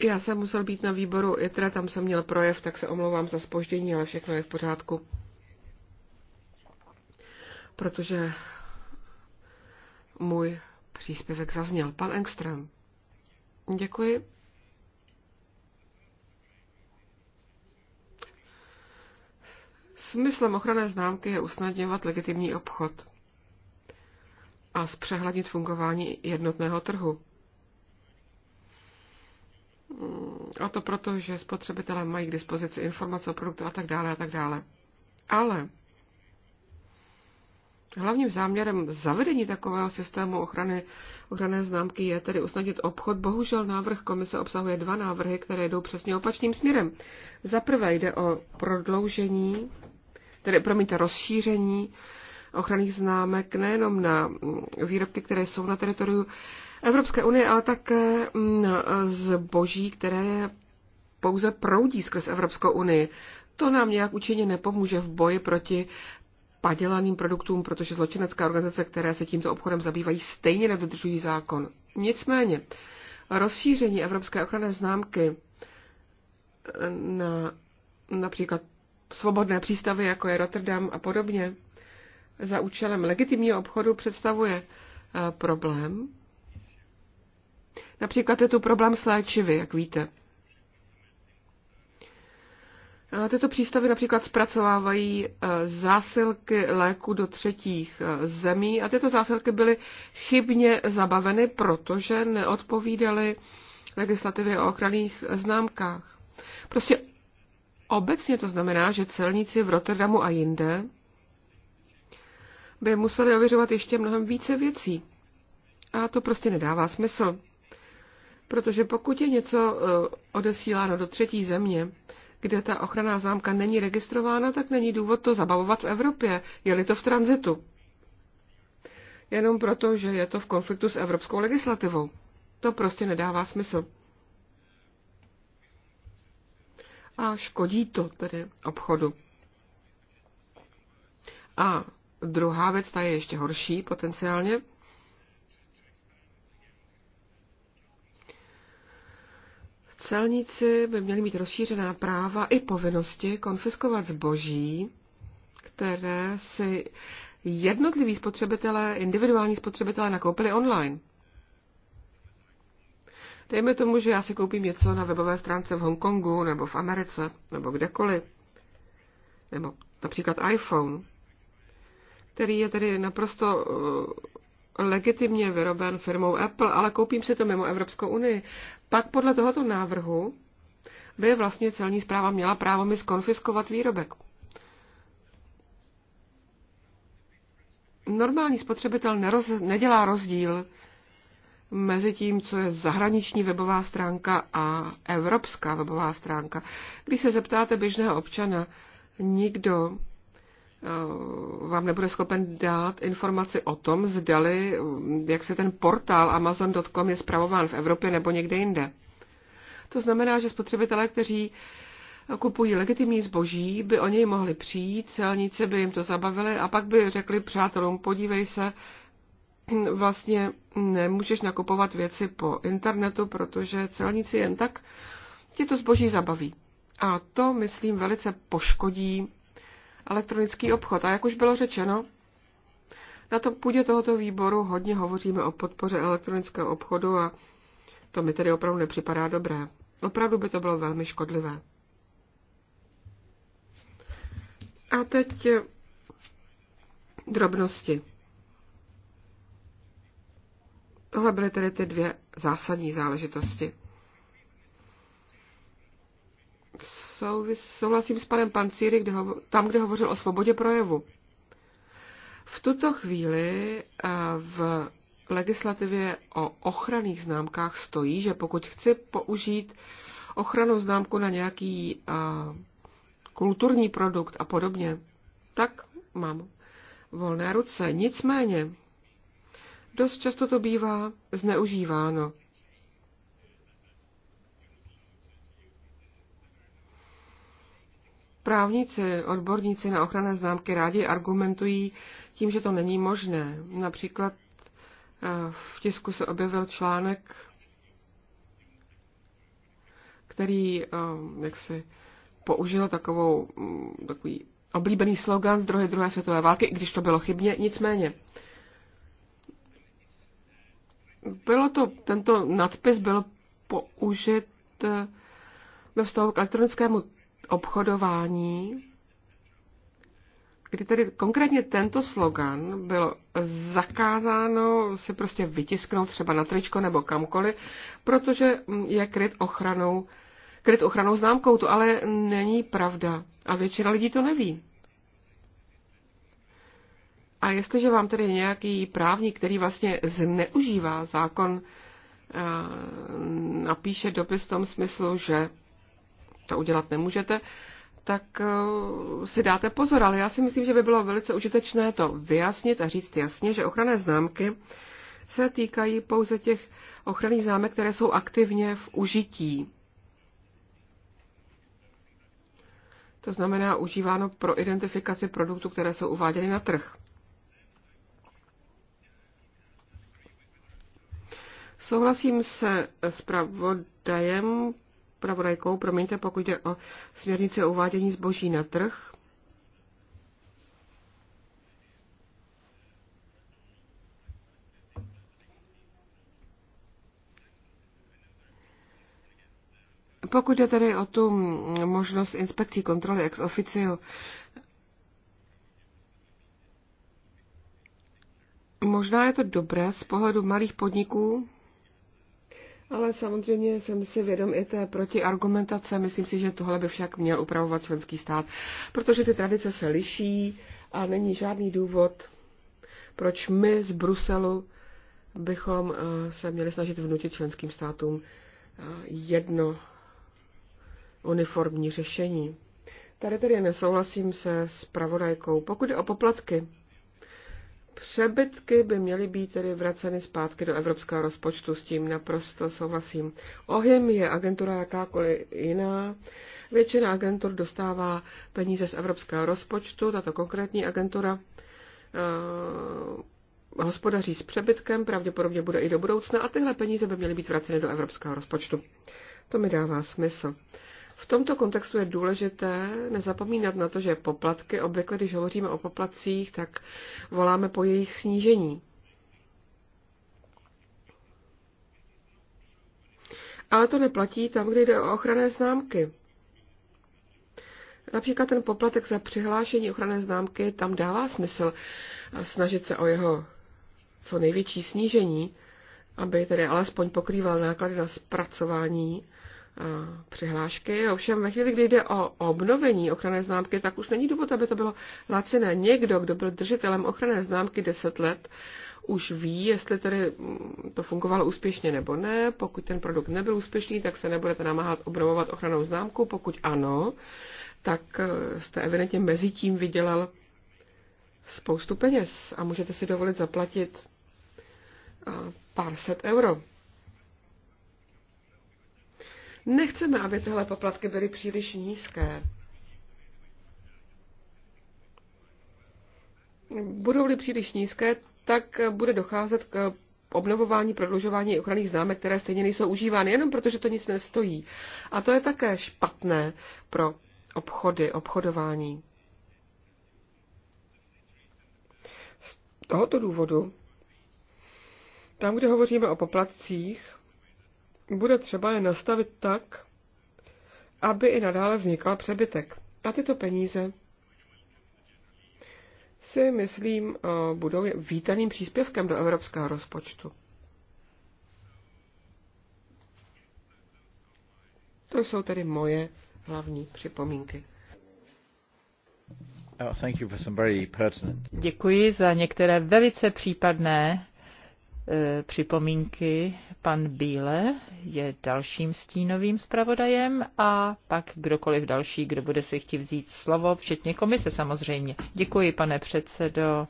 Já jsem musel být na výboru ITRA, tam jsem měl projev, tak se omlouvám za spoždění, ale všechno je v pořádku. Protože můj příspěvek zazněl. Pan Engström. Děkuji. Smyslem ochranné známky je usnadňovat legitimní obchod a zpřehlednit fungování jednotného trhu. Mm, a to proto, že spotřebitelé mají k dispozici informace o produktu a tak dále a tak dále. Ale hlavním záměrem zavedení takového systému ochrany, ochranné známky je tedy usnadnit obchod. Bohužel návrh komise obsahuje dva návrhy, které jdou přesně opačným směrem. Za prvé jde o prodloužení, tedy promiňte, rozšíření ochranných známek nejenom na mm, výrobky, které jsou na teritoriu Evropské unie, ale také mm, zboží, které pouze proudí skrz Evropskou unii. To nám nějak účinně nepomůže v boji proti padělaným produktům, protože zločinecké organizace, které se tímto obchodem zabývají, stejně nedodržují zákon. Nicméně, rozšíření evropské ochranné známky na například svobodné přístavy, jako je Rotterdam a podobně, za účelem legitimního obchodu představuje eh, problém, Například je tu problém s léčivy, jak víte. Tyto přístavy například zpracovávají e, zásilky léku do třetích e, zemí a tyto zásilky byly chybně zabaveny, protože neodpovídaly legislativě o ochranných známkách. Prostě obecně to znamená, že celníci v Rotterdamu a jinde by museli ověřovat ještě mnohem více věcí. A to prostě nedává smysl. Protože pokud je něco eh, odesíláno do třetí země, kde ta ochranná zámka není registrována, tak není důvod to zabavovat v Evropě, je-li to v tranzitu. Jenom proto, že je to v konfliktu s evropskou legislativou. To prostě nedává smysl. A škodí to tedy obchodu. A druhá věc, ta je ještě horší potenciálně. Celníci by měli mít rozšířená práva i povinnosti konfiskovat zboží, které si jednotliví spotřebitelé, individuální spotřebitelé nakoupili online. Dejme tomu, že já si koupím něco na webové stránce v Hongkongu nebo v Americe nebo kdekoliv, nebo například iPhone, který je tedy naprosto uh, legitimně vyroben firmou Apple, ale koupím si to mimo Evropskou unii pak podle tohoto návrhu by vlastně celní zpráva měla právo mi skonfiskovat výrobek. Normální spotřebitel neroz, nedělá rozdíl mezi tím, co je zahraniční webová stránka a evropská webová stránka. Když se zeptáte běžného občana, nikdo Eh, vám nebude schopen dát informaci o tom, zdali, eh, jak se ten portál Amazon.com je zpravován v Evropě nebo někde jinde. To znamená, že spotřebitelé, kteří kupují legitimní zboží, by o něj mohli přijít, celníci by jim to zabavili a pak by řekli přátelům, podívej se, *clears throat* vlastně nemůžeš nakupovat věci po internetu, protože celníci jen tak ti to zboží zabaví. A to, myslím, velice poškodí elektronický obchod. A jak už bylo řečeno, na tom půdě tohoto výboru hodně hovoříme o podpoře elektronického obchodu a to mi tedy opravdu nepřipadá dobré. Opravdu by to bylo velmi škodlivé. A teď eh, drobnosti. Tohle byly tedy ty dvě zásadní záležitosti souvis, souhlasím s panem Pancíry, kde hovo, tam, kde hovořil o svobodě projevu. V tuto chvíli v legislativě o ochranných známkách stojí, že pokud chci použít ochranou známku na nějaký kulturní produkt a podobně, tak mám volné ruce. Nicméně, dost často to bývá zneužíváno. právníci, odborníci na ochranné známky rádi argumentují tím, že to není možné. Například eh, v tisku se objevil článek, který eh, jak si použil takovou, mm, takový oblíbený slogan z druhé druhé světové války, i když to bylo chybně, nicméně. Bylo to, tento nadpis byl použit eh, ve vztahu k elektronickému obchodování, kdy tedy konkrétně tento slogan byl zakázáno si prostě vytisknout třeba na tričko nebo kamkoliv, protože je kryt ochranou, kryt ochranou známkou. To ale není pravda a většina lidí to neví. A jestliže vám tedy nějaký právník, který vlastně zneužívá zákon, napíše dopis v tom smyslu, že to udělat nemůžete, tak eh, si dáte pozor, ale já si myslím, že by bylo velice užitečné to vyjasnit a říct jasně, že ochranné známky se týkají pouze těch ochranných známek, které jsou aktivně v užití. To znamená užíváno pro identifikaci produktů, které jsou uváděny na trh. Souhlasím se s pravodajem, zpravodajkou, promiňte, pokud jde o směrnice o uvádění zboží na trh. Pokud jde tedy o tu možnost inspekcí kontroly ex officio, možná je to dobré z pohledu malých podniků, ale samozřejmě jsem si vědom i té protiargumentace. Myslím si, že tohle by však měl upravovat členský stát, protože ty tradice se liší a není žádný důvod, proč my z Bruselu bychom eh, se měli snažit vnutit členským státům eh, jedno uniformní řešení. Tady tedy nesouhlasím se s pravodajkou. Pokud je o poplatky, Přebytky by měly být tedy vraceny zpátky do evropského rozpočtu, s tím naprosto souhlasím. Ohym je agentura jakákoliv jiná. Většina agentur dostává peníze z evropského rozpočtu, tato konkrétní agentura uh, hospodaří s přebytkem, pravděpodobně bude i do budoucna a tyhle peníze by měly být vraceny do evropského rozpočtu. To mi dává smysl. V tomto kontextu je důležité nezapomínat na to, že poplatky, obvykle když hovoříme o poplatcích, tak voláme po jejich snížení. Ale to neplatí tam, kde jde o ochranné známky. Například ten poplatek za přihlášení ochranné známky, tam dává smysl snažit se o jeho co největší snížení, aby tedy alespoň pokrýval náklady na zpracování přihlášky. Ovšem ve chvíli, kdy jde o obnovení ochranné známky, tak už není důvod, aby to bylo laciné. Někdo, kdo byl držitelem ochranné známky 10 let, už ví, jestli tedy mm, to fungovalo úspěšně nebo ne. Pokud ten produkt nebyl úspěšný, tak se nebudete namáhat obnovovat ochranou známku. Pokud ano, tak e, jste evidentně mezi tím vydělal spoustu peněz a můžete si dovolit zaplatit e, pár set euro. Nechceme, aby tyhle poplatky byly příliš nízké. Budou-li příliš nízké, tak bude docházet k obnovování, prodlužování ochranných známek, které stejně nejsou užívány, jenom protože to nic nestojí. A to je také špatné pro obchody, obchodování. Z tohoto důvodu, tam, kde hovoříme o poplatcích, bude třeba je nastavit tak, aby i nadále vznikal přebytek. A tyto peníze si myslím, eh, budou vítaným příspěvkem do evropského rozpočtu. To jsou tedy moje hlavní připomínky. Oh, Děkuji za některé velice případné E, připomínky. Pan Bíle je dalším stínovým zpravodajem a pak kdokoliv další, kdo bude si chtít vzít slovo, včetně komise samozřejmě. Děkuji, pane předsedo.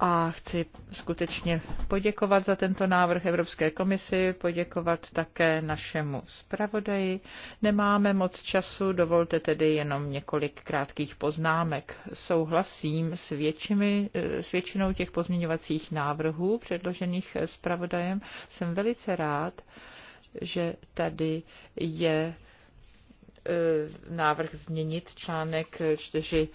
a chci skutečně poděkovat za tento návrh Evropské komisi, poděkovat také našemu zpravodaji. Nemáme moc času, dovolte tedy jenom několik krátkých poznámek. Souhlasím s, většimi, s většinou těch pozměňovacích návrhů předložených zpravodajem. Jsem velice rád, že tady je e, návrh změnit článek 4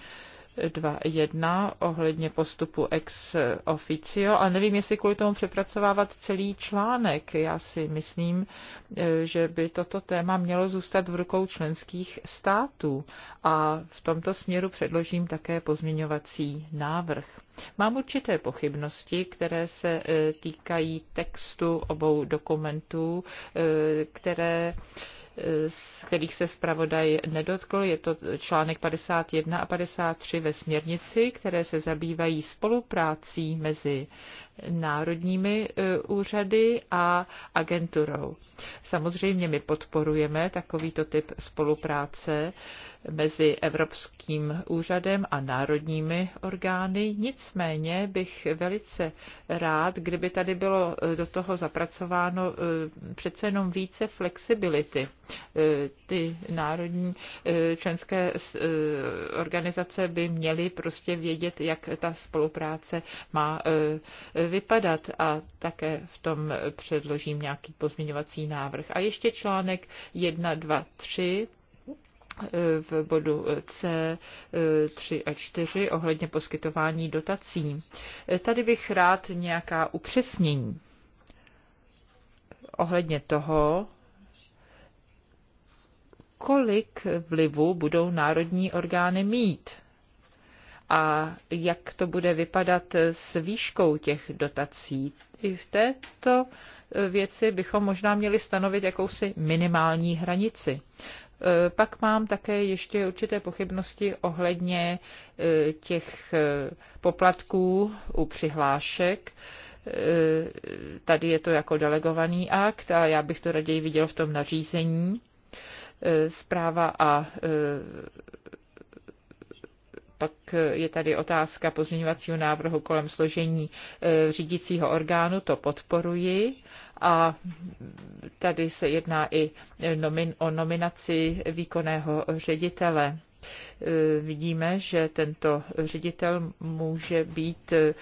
2.1 ohledně postupu ex officio, ale nevím, jestli kvůli tomu přepracovávat celý článek. Já si myslím, eh, že by toto téma mělo zůstat v rukou členských států a v tomto směru předložím také pozměňovací návrh. Mám určité pochybnosti, které se eh, týkají textu obou dokumentů, eh, které z kterých se zpravodaj nedotkl. Je to článek 51 a 53 ve směrnici, které se zabývají spoluprácí mezi národními e, úřady a agenturou. Samozřejmě my podporujeme takovýto typ spolupráce mezi Evropským úřadem a národními orgány. Nicméně bych velice rád, kdyby tady bylo eh, do toho zapracováno eh, přece jenom více flexibility. Eh, ty národní členské organizace by měly prostě vědět, jak ta spolupráce má vypadat a také v tom předložím nějaký pozměňovací návrh. A ještě článek 1, 2, 3 v bodu C 3 a 4 ohledně poskytování dotací. Tady bych rád nějaká upřesnění ohledně toho, kolik vlivu budou národní orgány mít a jak to bude vypadat s výškou těch dotací. I v této věci bychom možná měli stanovit jakousi minimální hranici. Eh, pak mám také ještě určité pochybnosti ohledně eh, těch eh, poplatků u přihlášek. Tady je to jako delegovaný akt a já bych to raději viděl v tom nařízení. Zpráva a pak je tady otázka pozměňovacího návrhu kolem složení řídícího orgánu, to podporuji a tady se jedná i nomin, o nominaci výkonného ředitele. Vidíme, že tento ředitel může být e,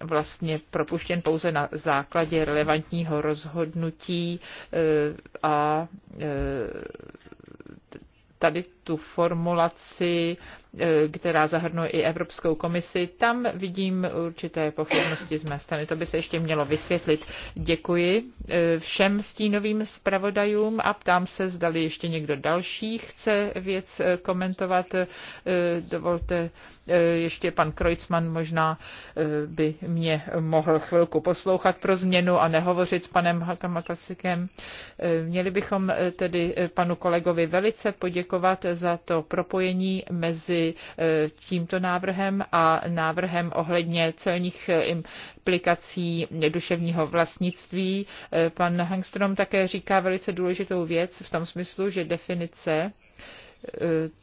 vlastně propuštěn pouze na základě relevantního rozhodnutí e, a e, tady tu formulaci, eh, která zahrnuje i Evropskou komisi, tam vidím určité pochybnosti z mé strany. To by se ještě mělo vysvětlit. Děkuji eh, všem stínovým zpravodajům a ptám se, zdali ještě někdo další chce věc eh, komentovat. Dovolte ještě pan Kreutzmann možná by mě mohl chvilku poslouchat pro změnu a nehovořit s panem Hakamakasikem. Měli bychom tedy panu kolegovi velice poděkovat za to propojení mezi e, tímto návrhem a návrhem ohledně celních e, implikací duševního vlastnictví. E, pan Hangstrom také říká velice důležitou věc v tom smyslu, že definice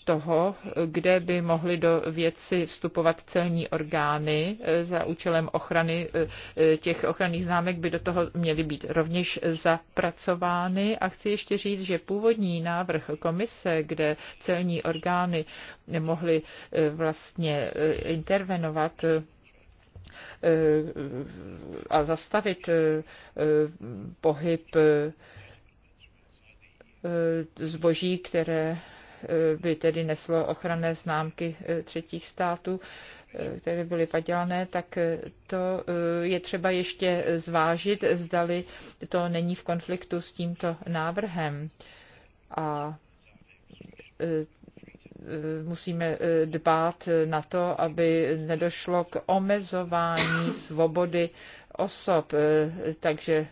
toho, kde by mohly do věci vstupovat celní orgány eh, za účelem ochrany eh, těch ochranných známek by do toho měly být rovněž zapracovány. A chci ještě říct, že původní návrh komise, kde celní orgány mohly eh, vlastně intervenovat a zastavit pohyb zboží, které by tedy neslo ochranné známky eh, třetích států, eh, které byly padělané, tak eh, to je třeba ještě zvážit, zdali to není v konfliktu s tímto návrhem. A musíme dbát na to, aby nedošlo k omezování svobody osob, eh, takže eh,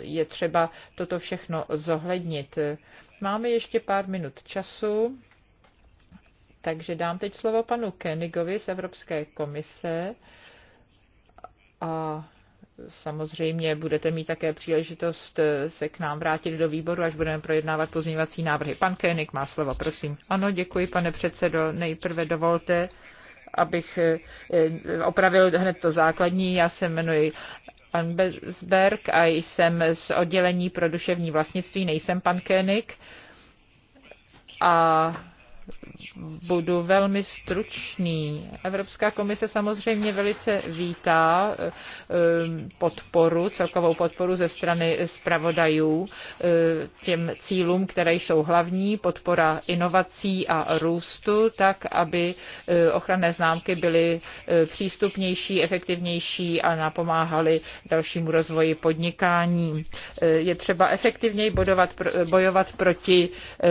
je třeba toto všechno zohlednit. Máme ještě pár minut času, takže dám teď slovo panu Kenigovi z Evropské komise a samozřejmě budete mít také příležitost eh, se k nám vrátit do výboru, až budeme projednávat pozměňovací návrhy. Pan Kénik má slovo, prosím. Ano, děkuji, pane předsedo. Nejprve dovolte, abych eh, eh, opravil hned to základní. Já se jmenuji Anbesberg a jsem z oddělení pro duševní vlastnictví, nejsem pan Koenig. A budu velmi stručný. Evropská komise samozřejmě velice vítá um, podporu, celkovou podporu ze strany zpravodajů uh, těm cílům, které jsou hlavní, podpora inovací a růstu, tak aby uh, ochranné známky byly uh, přístupnější, efektivnější a napomáhaly dalšímu rozvoji podnikání. Je třeba efektivněji bodovat, bojovat proti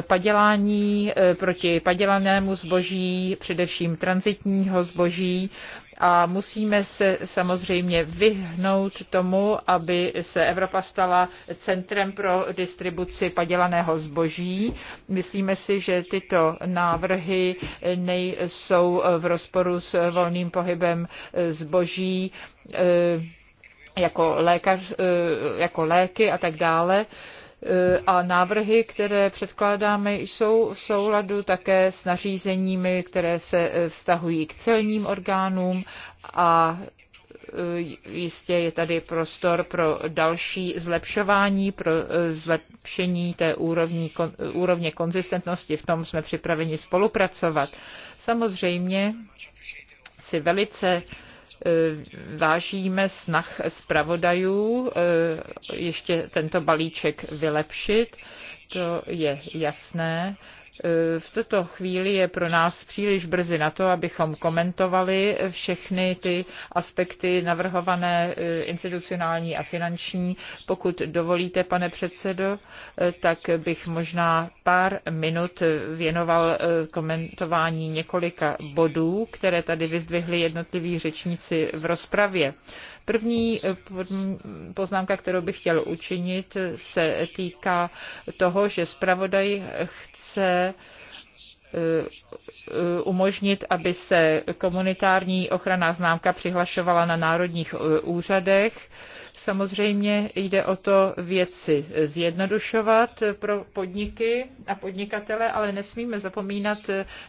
padělání, proti padělanému zboží, především transitního zboží a musíme se samozřejmě vyhnout tomu, aby se Evropa stala centrem pro distribuci padělaného zboží. Myslíme si, že tyto návrhy nejsou v rozporu s volným pohybem zboží eh, jako, lékař, eh, jako léky a tak dále. Eh, a návrhy, které předkládáme, jsou v souladu také s nařízeními, které se eh, vztahují k celním orgánům a eh, jistě je tady prostor pro další zlepšování, pro zlepšení té úrovni, úrovně konzistentnosti. V tom jsme připraveni spolupracovat. Samozřejmě si velice Eh, vážíme snah zpravodajů eh, ještě tento balíček vylepšit, to je jasné. Eh, v tuto chvíli je pro nás příliš brzy na to, abychom komentovali všechny ty aspekty navrhované eh, institucionální a finanční. Pokud dovolíte, pane předsedo, eh, tak bych možná pár minut věnoval komentování několika bodů, které tady vyzdvihli jednotliví řečníci v rozpravě. První eh, poznámka, kterou bych chtěl učinit, se týká toho, že zpravodaj chce eh, umožnit, aby se komunitární ochranná známka přihlašovala na národních eh, úřadech Samozřejmě jde o to věci zjednodušovat pro podniky a podnikatele, ale nesmíme zapomínat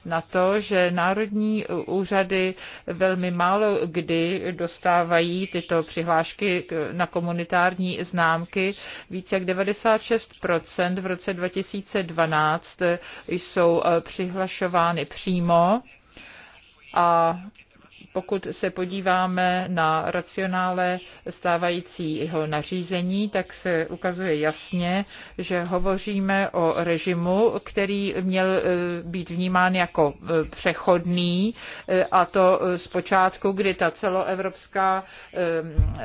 na to, že národní úřady velmi málo kdy dostávají tyto přihlášky na komunitární známky. Více jak 96% v roce 2012 jsou eh, přihlašovány přímo a pokud se podíváme na racionále stávajícího nařízení, tak se ukazuje jasně, že hovoříme o režimu, který měl e, být vnímán jako e, přechodný e, a to z počátku, kdy ta celoevropská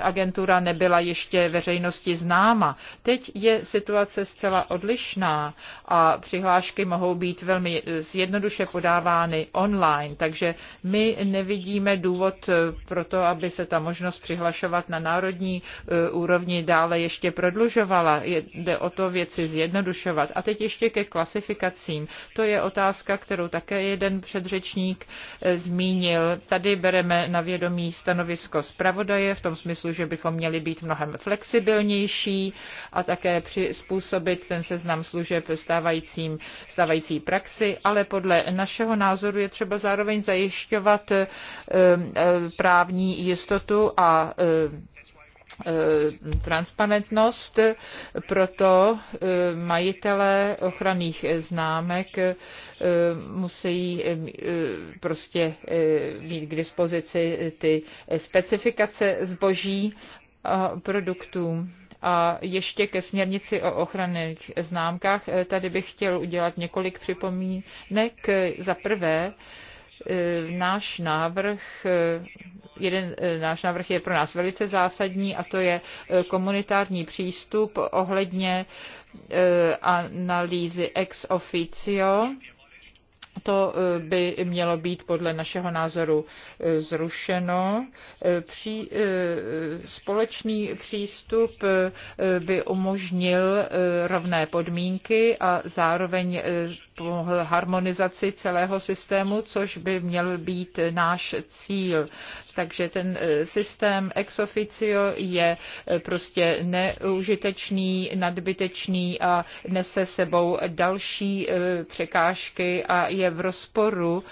agentura nebyla ještě veřejnosti známa. Teď je situace zcela odlišná a přihlášky mohou být velmi zjednoduše podávány online, takže my nevidíme nevidíme důvod eh, pro to, aby se ta možnost přihlašovat na národní eh, úrovni dále ještě prodlužovala. Jde o to věci zjednodušovat. A teď ještě ke klasifikacím. To je otázka, kterou také jeden předřečník eh, zmínil. Tady bereme na vědomí stanovisko zpravodaje v tom smyslu, že bychom měli být mnohem flexibilnější a také přizpůsobit ten seznam služeb stávajícím, stávající praxi, ale podle našeho názoru je třeba zároveň zajišťovat Um, eh, právní jistotu a eh, eh, transparentnost, proto majitelé ochranných známek musí prostě mít k dispozici ty specifikace zboží a produktů. A ještě ke směrnici o ochranných známkách, tady bych chtěl udělat několik připomínek. Za prvé, E, náš návrh, e, jeden e, náš návrh je pro nás velice zásadní a to je komunitární přístup ohledně analýzy ex officio to eh, by mělo být podle našeho názoru eh, zrušeno. Eh, pří, společný přístup by umožnil rovné podmínky a zároveň harmonizaci celého systému, což by měl být náš cíl takže ten e, systém ex officio je e, prostě neužitečný, nadbytečný a nese sebou další e, překážky a je v rozporu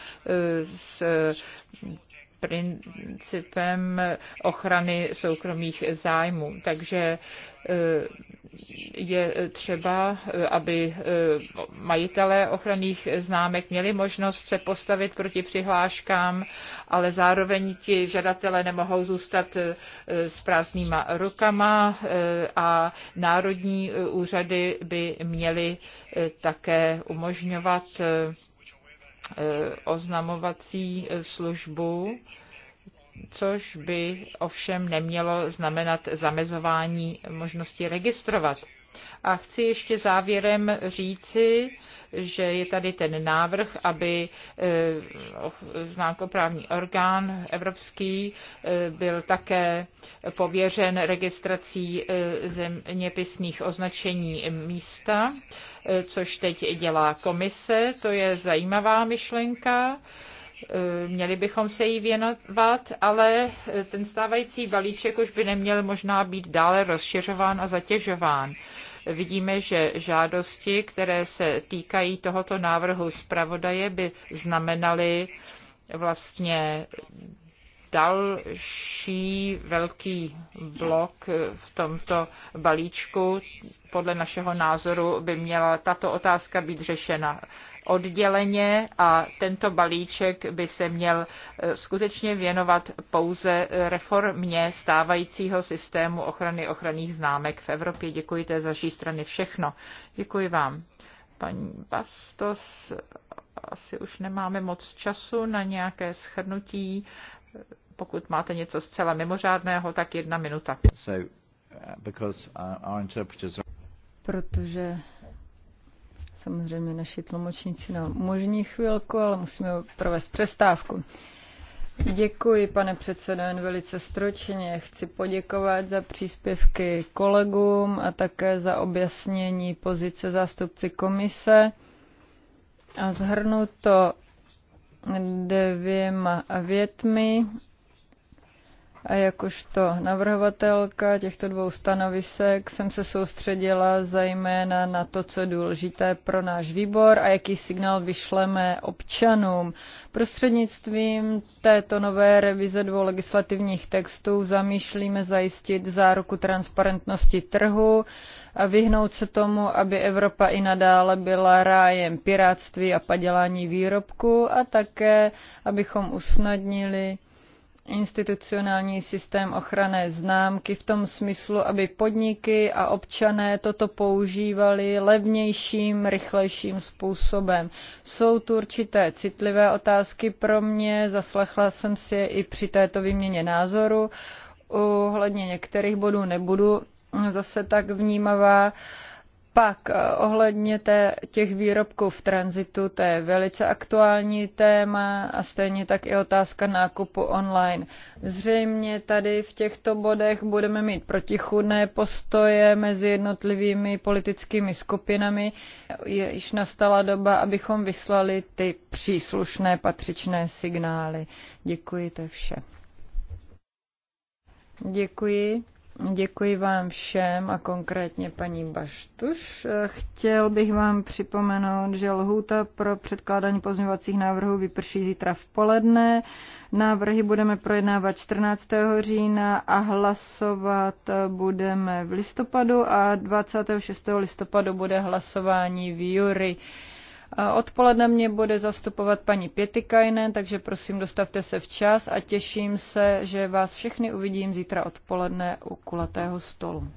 s principem ochrany soukromých zájmů. Takže eh, je třeba, eh, aby eh, majitelé ochranných známek měli možnost se postavit proti přihláškám, ale zároveň ti žadatelé nemohou zůstat s prázdnýma rukama a národní úřady by měly také umožňovat Eh, oznamovací eh, službu, což by ovšem nemělo znamenat zamezování možnosti registrovat. A chci ještě závěrem říci, že je tady ten návrh, aby eh, známkoprávní orgán evropský eh, byl také pověřen registrací eh, zeměpisných označení místa, což teď dělá komise. To je zajímavá myšlenka měli bychom se jí věnovat, ale ten stávající balíček už by neměl možná být dále rozšiřován a zatěžován vidíme, že žádosti, které se týkají tohoto návrhu zpravodaje, by znamenaly vlastně další velký blok v tomto balíčku. Podle našeho názoru by měla tato otázka být řešena odděleně a tento balíček by se měl eh, skutečně věnovat pouze reformě stávajícího systému ochrany ochranných známek v Evropě. Děkuji, to je z vaší strany všechno. Děkuji vám paní Bastos. Asi už nemáme moc času na nějaké schrnutí. Pokud máte něco zcela mimořádného, tak jedna minuta. So, uh, uh, interpreters... Protože samozřejmě naši tlumočníci nám umožní chvilku, ale musíme provést přestávku. Děkuji, pane předsedo, jen velice stročně. Chci poděkovat za příspěvky kolegům a také za objasnění pozice zástupci komise. A zhrnu to dvěma větmi. A jakožto navrhovatelka těchto dvou stanovisek jsem se soustředila zejména na to, co je důležité pro náš výbor a jaký signál vyšleme občanům. Prostřednictvím této nové revize dvou legislativních textů zamýšlíme zajistit záruku transparentnosti trhu a vyhnout se tomu, aby Evropa i nadále byla rájem piráctví a padělání výrobku a také, abychom usnadnili institucionální systém ochranné známky v tom smyslu, aby podniky a občané toto používali levnějším, rychlejším způsobem. Jsou tu určité citlivé otázky pro mě, zaslechla jsem si je i při této výměně názoru. Ohledně některých bodů nebudu zase tak vnímavá. Uh, pak eh, ohledně té, těch výrobků v tranzitu, to je velice aktuální téma a stejně tak i otázka nákupu online. Zřejmě tady v těchto bodech budeme mít protichudné postoje mezi jednotlivými politickými skupinami. Je již nastala doba, abychom vyslali ty příslušné patřičné signály. Děkuji, to je vše. Děkuji. Děkuji vám všem a konkrétně paní Baštuš. Chtěl bych vám připomenout, že lhůta pro předkládání pozměňovacích návrhů vyprší zítra v poledne. Návrhy budeme projednávat 14. října a hlasovat budeme v listopadu a 26. listopadu bude hlasování v jury. Odpoledne mě bude zastupovat paní Pětikajnen, takže prosím dostavte se včas a těším se, že vás všechny uvidím zítra odpoledne u kulatého stolu.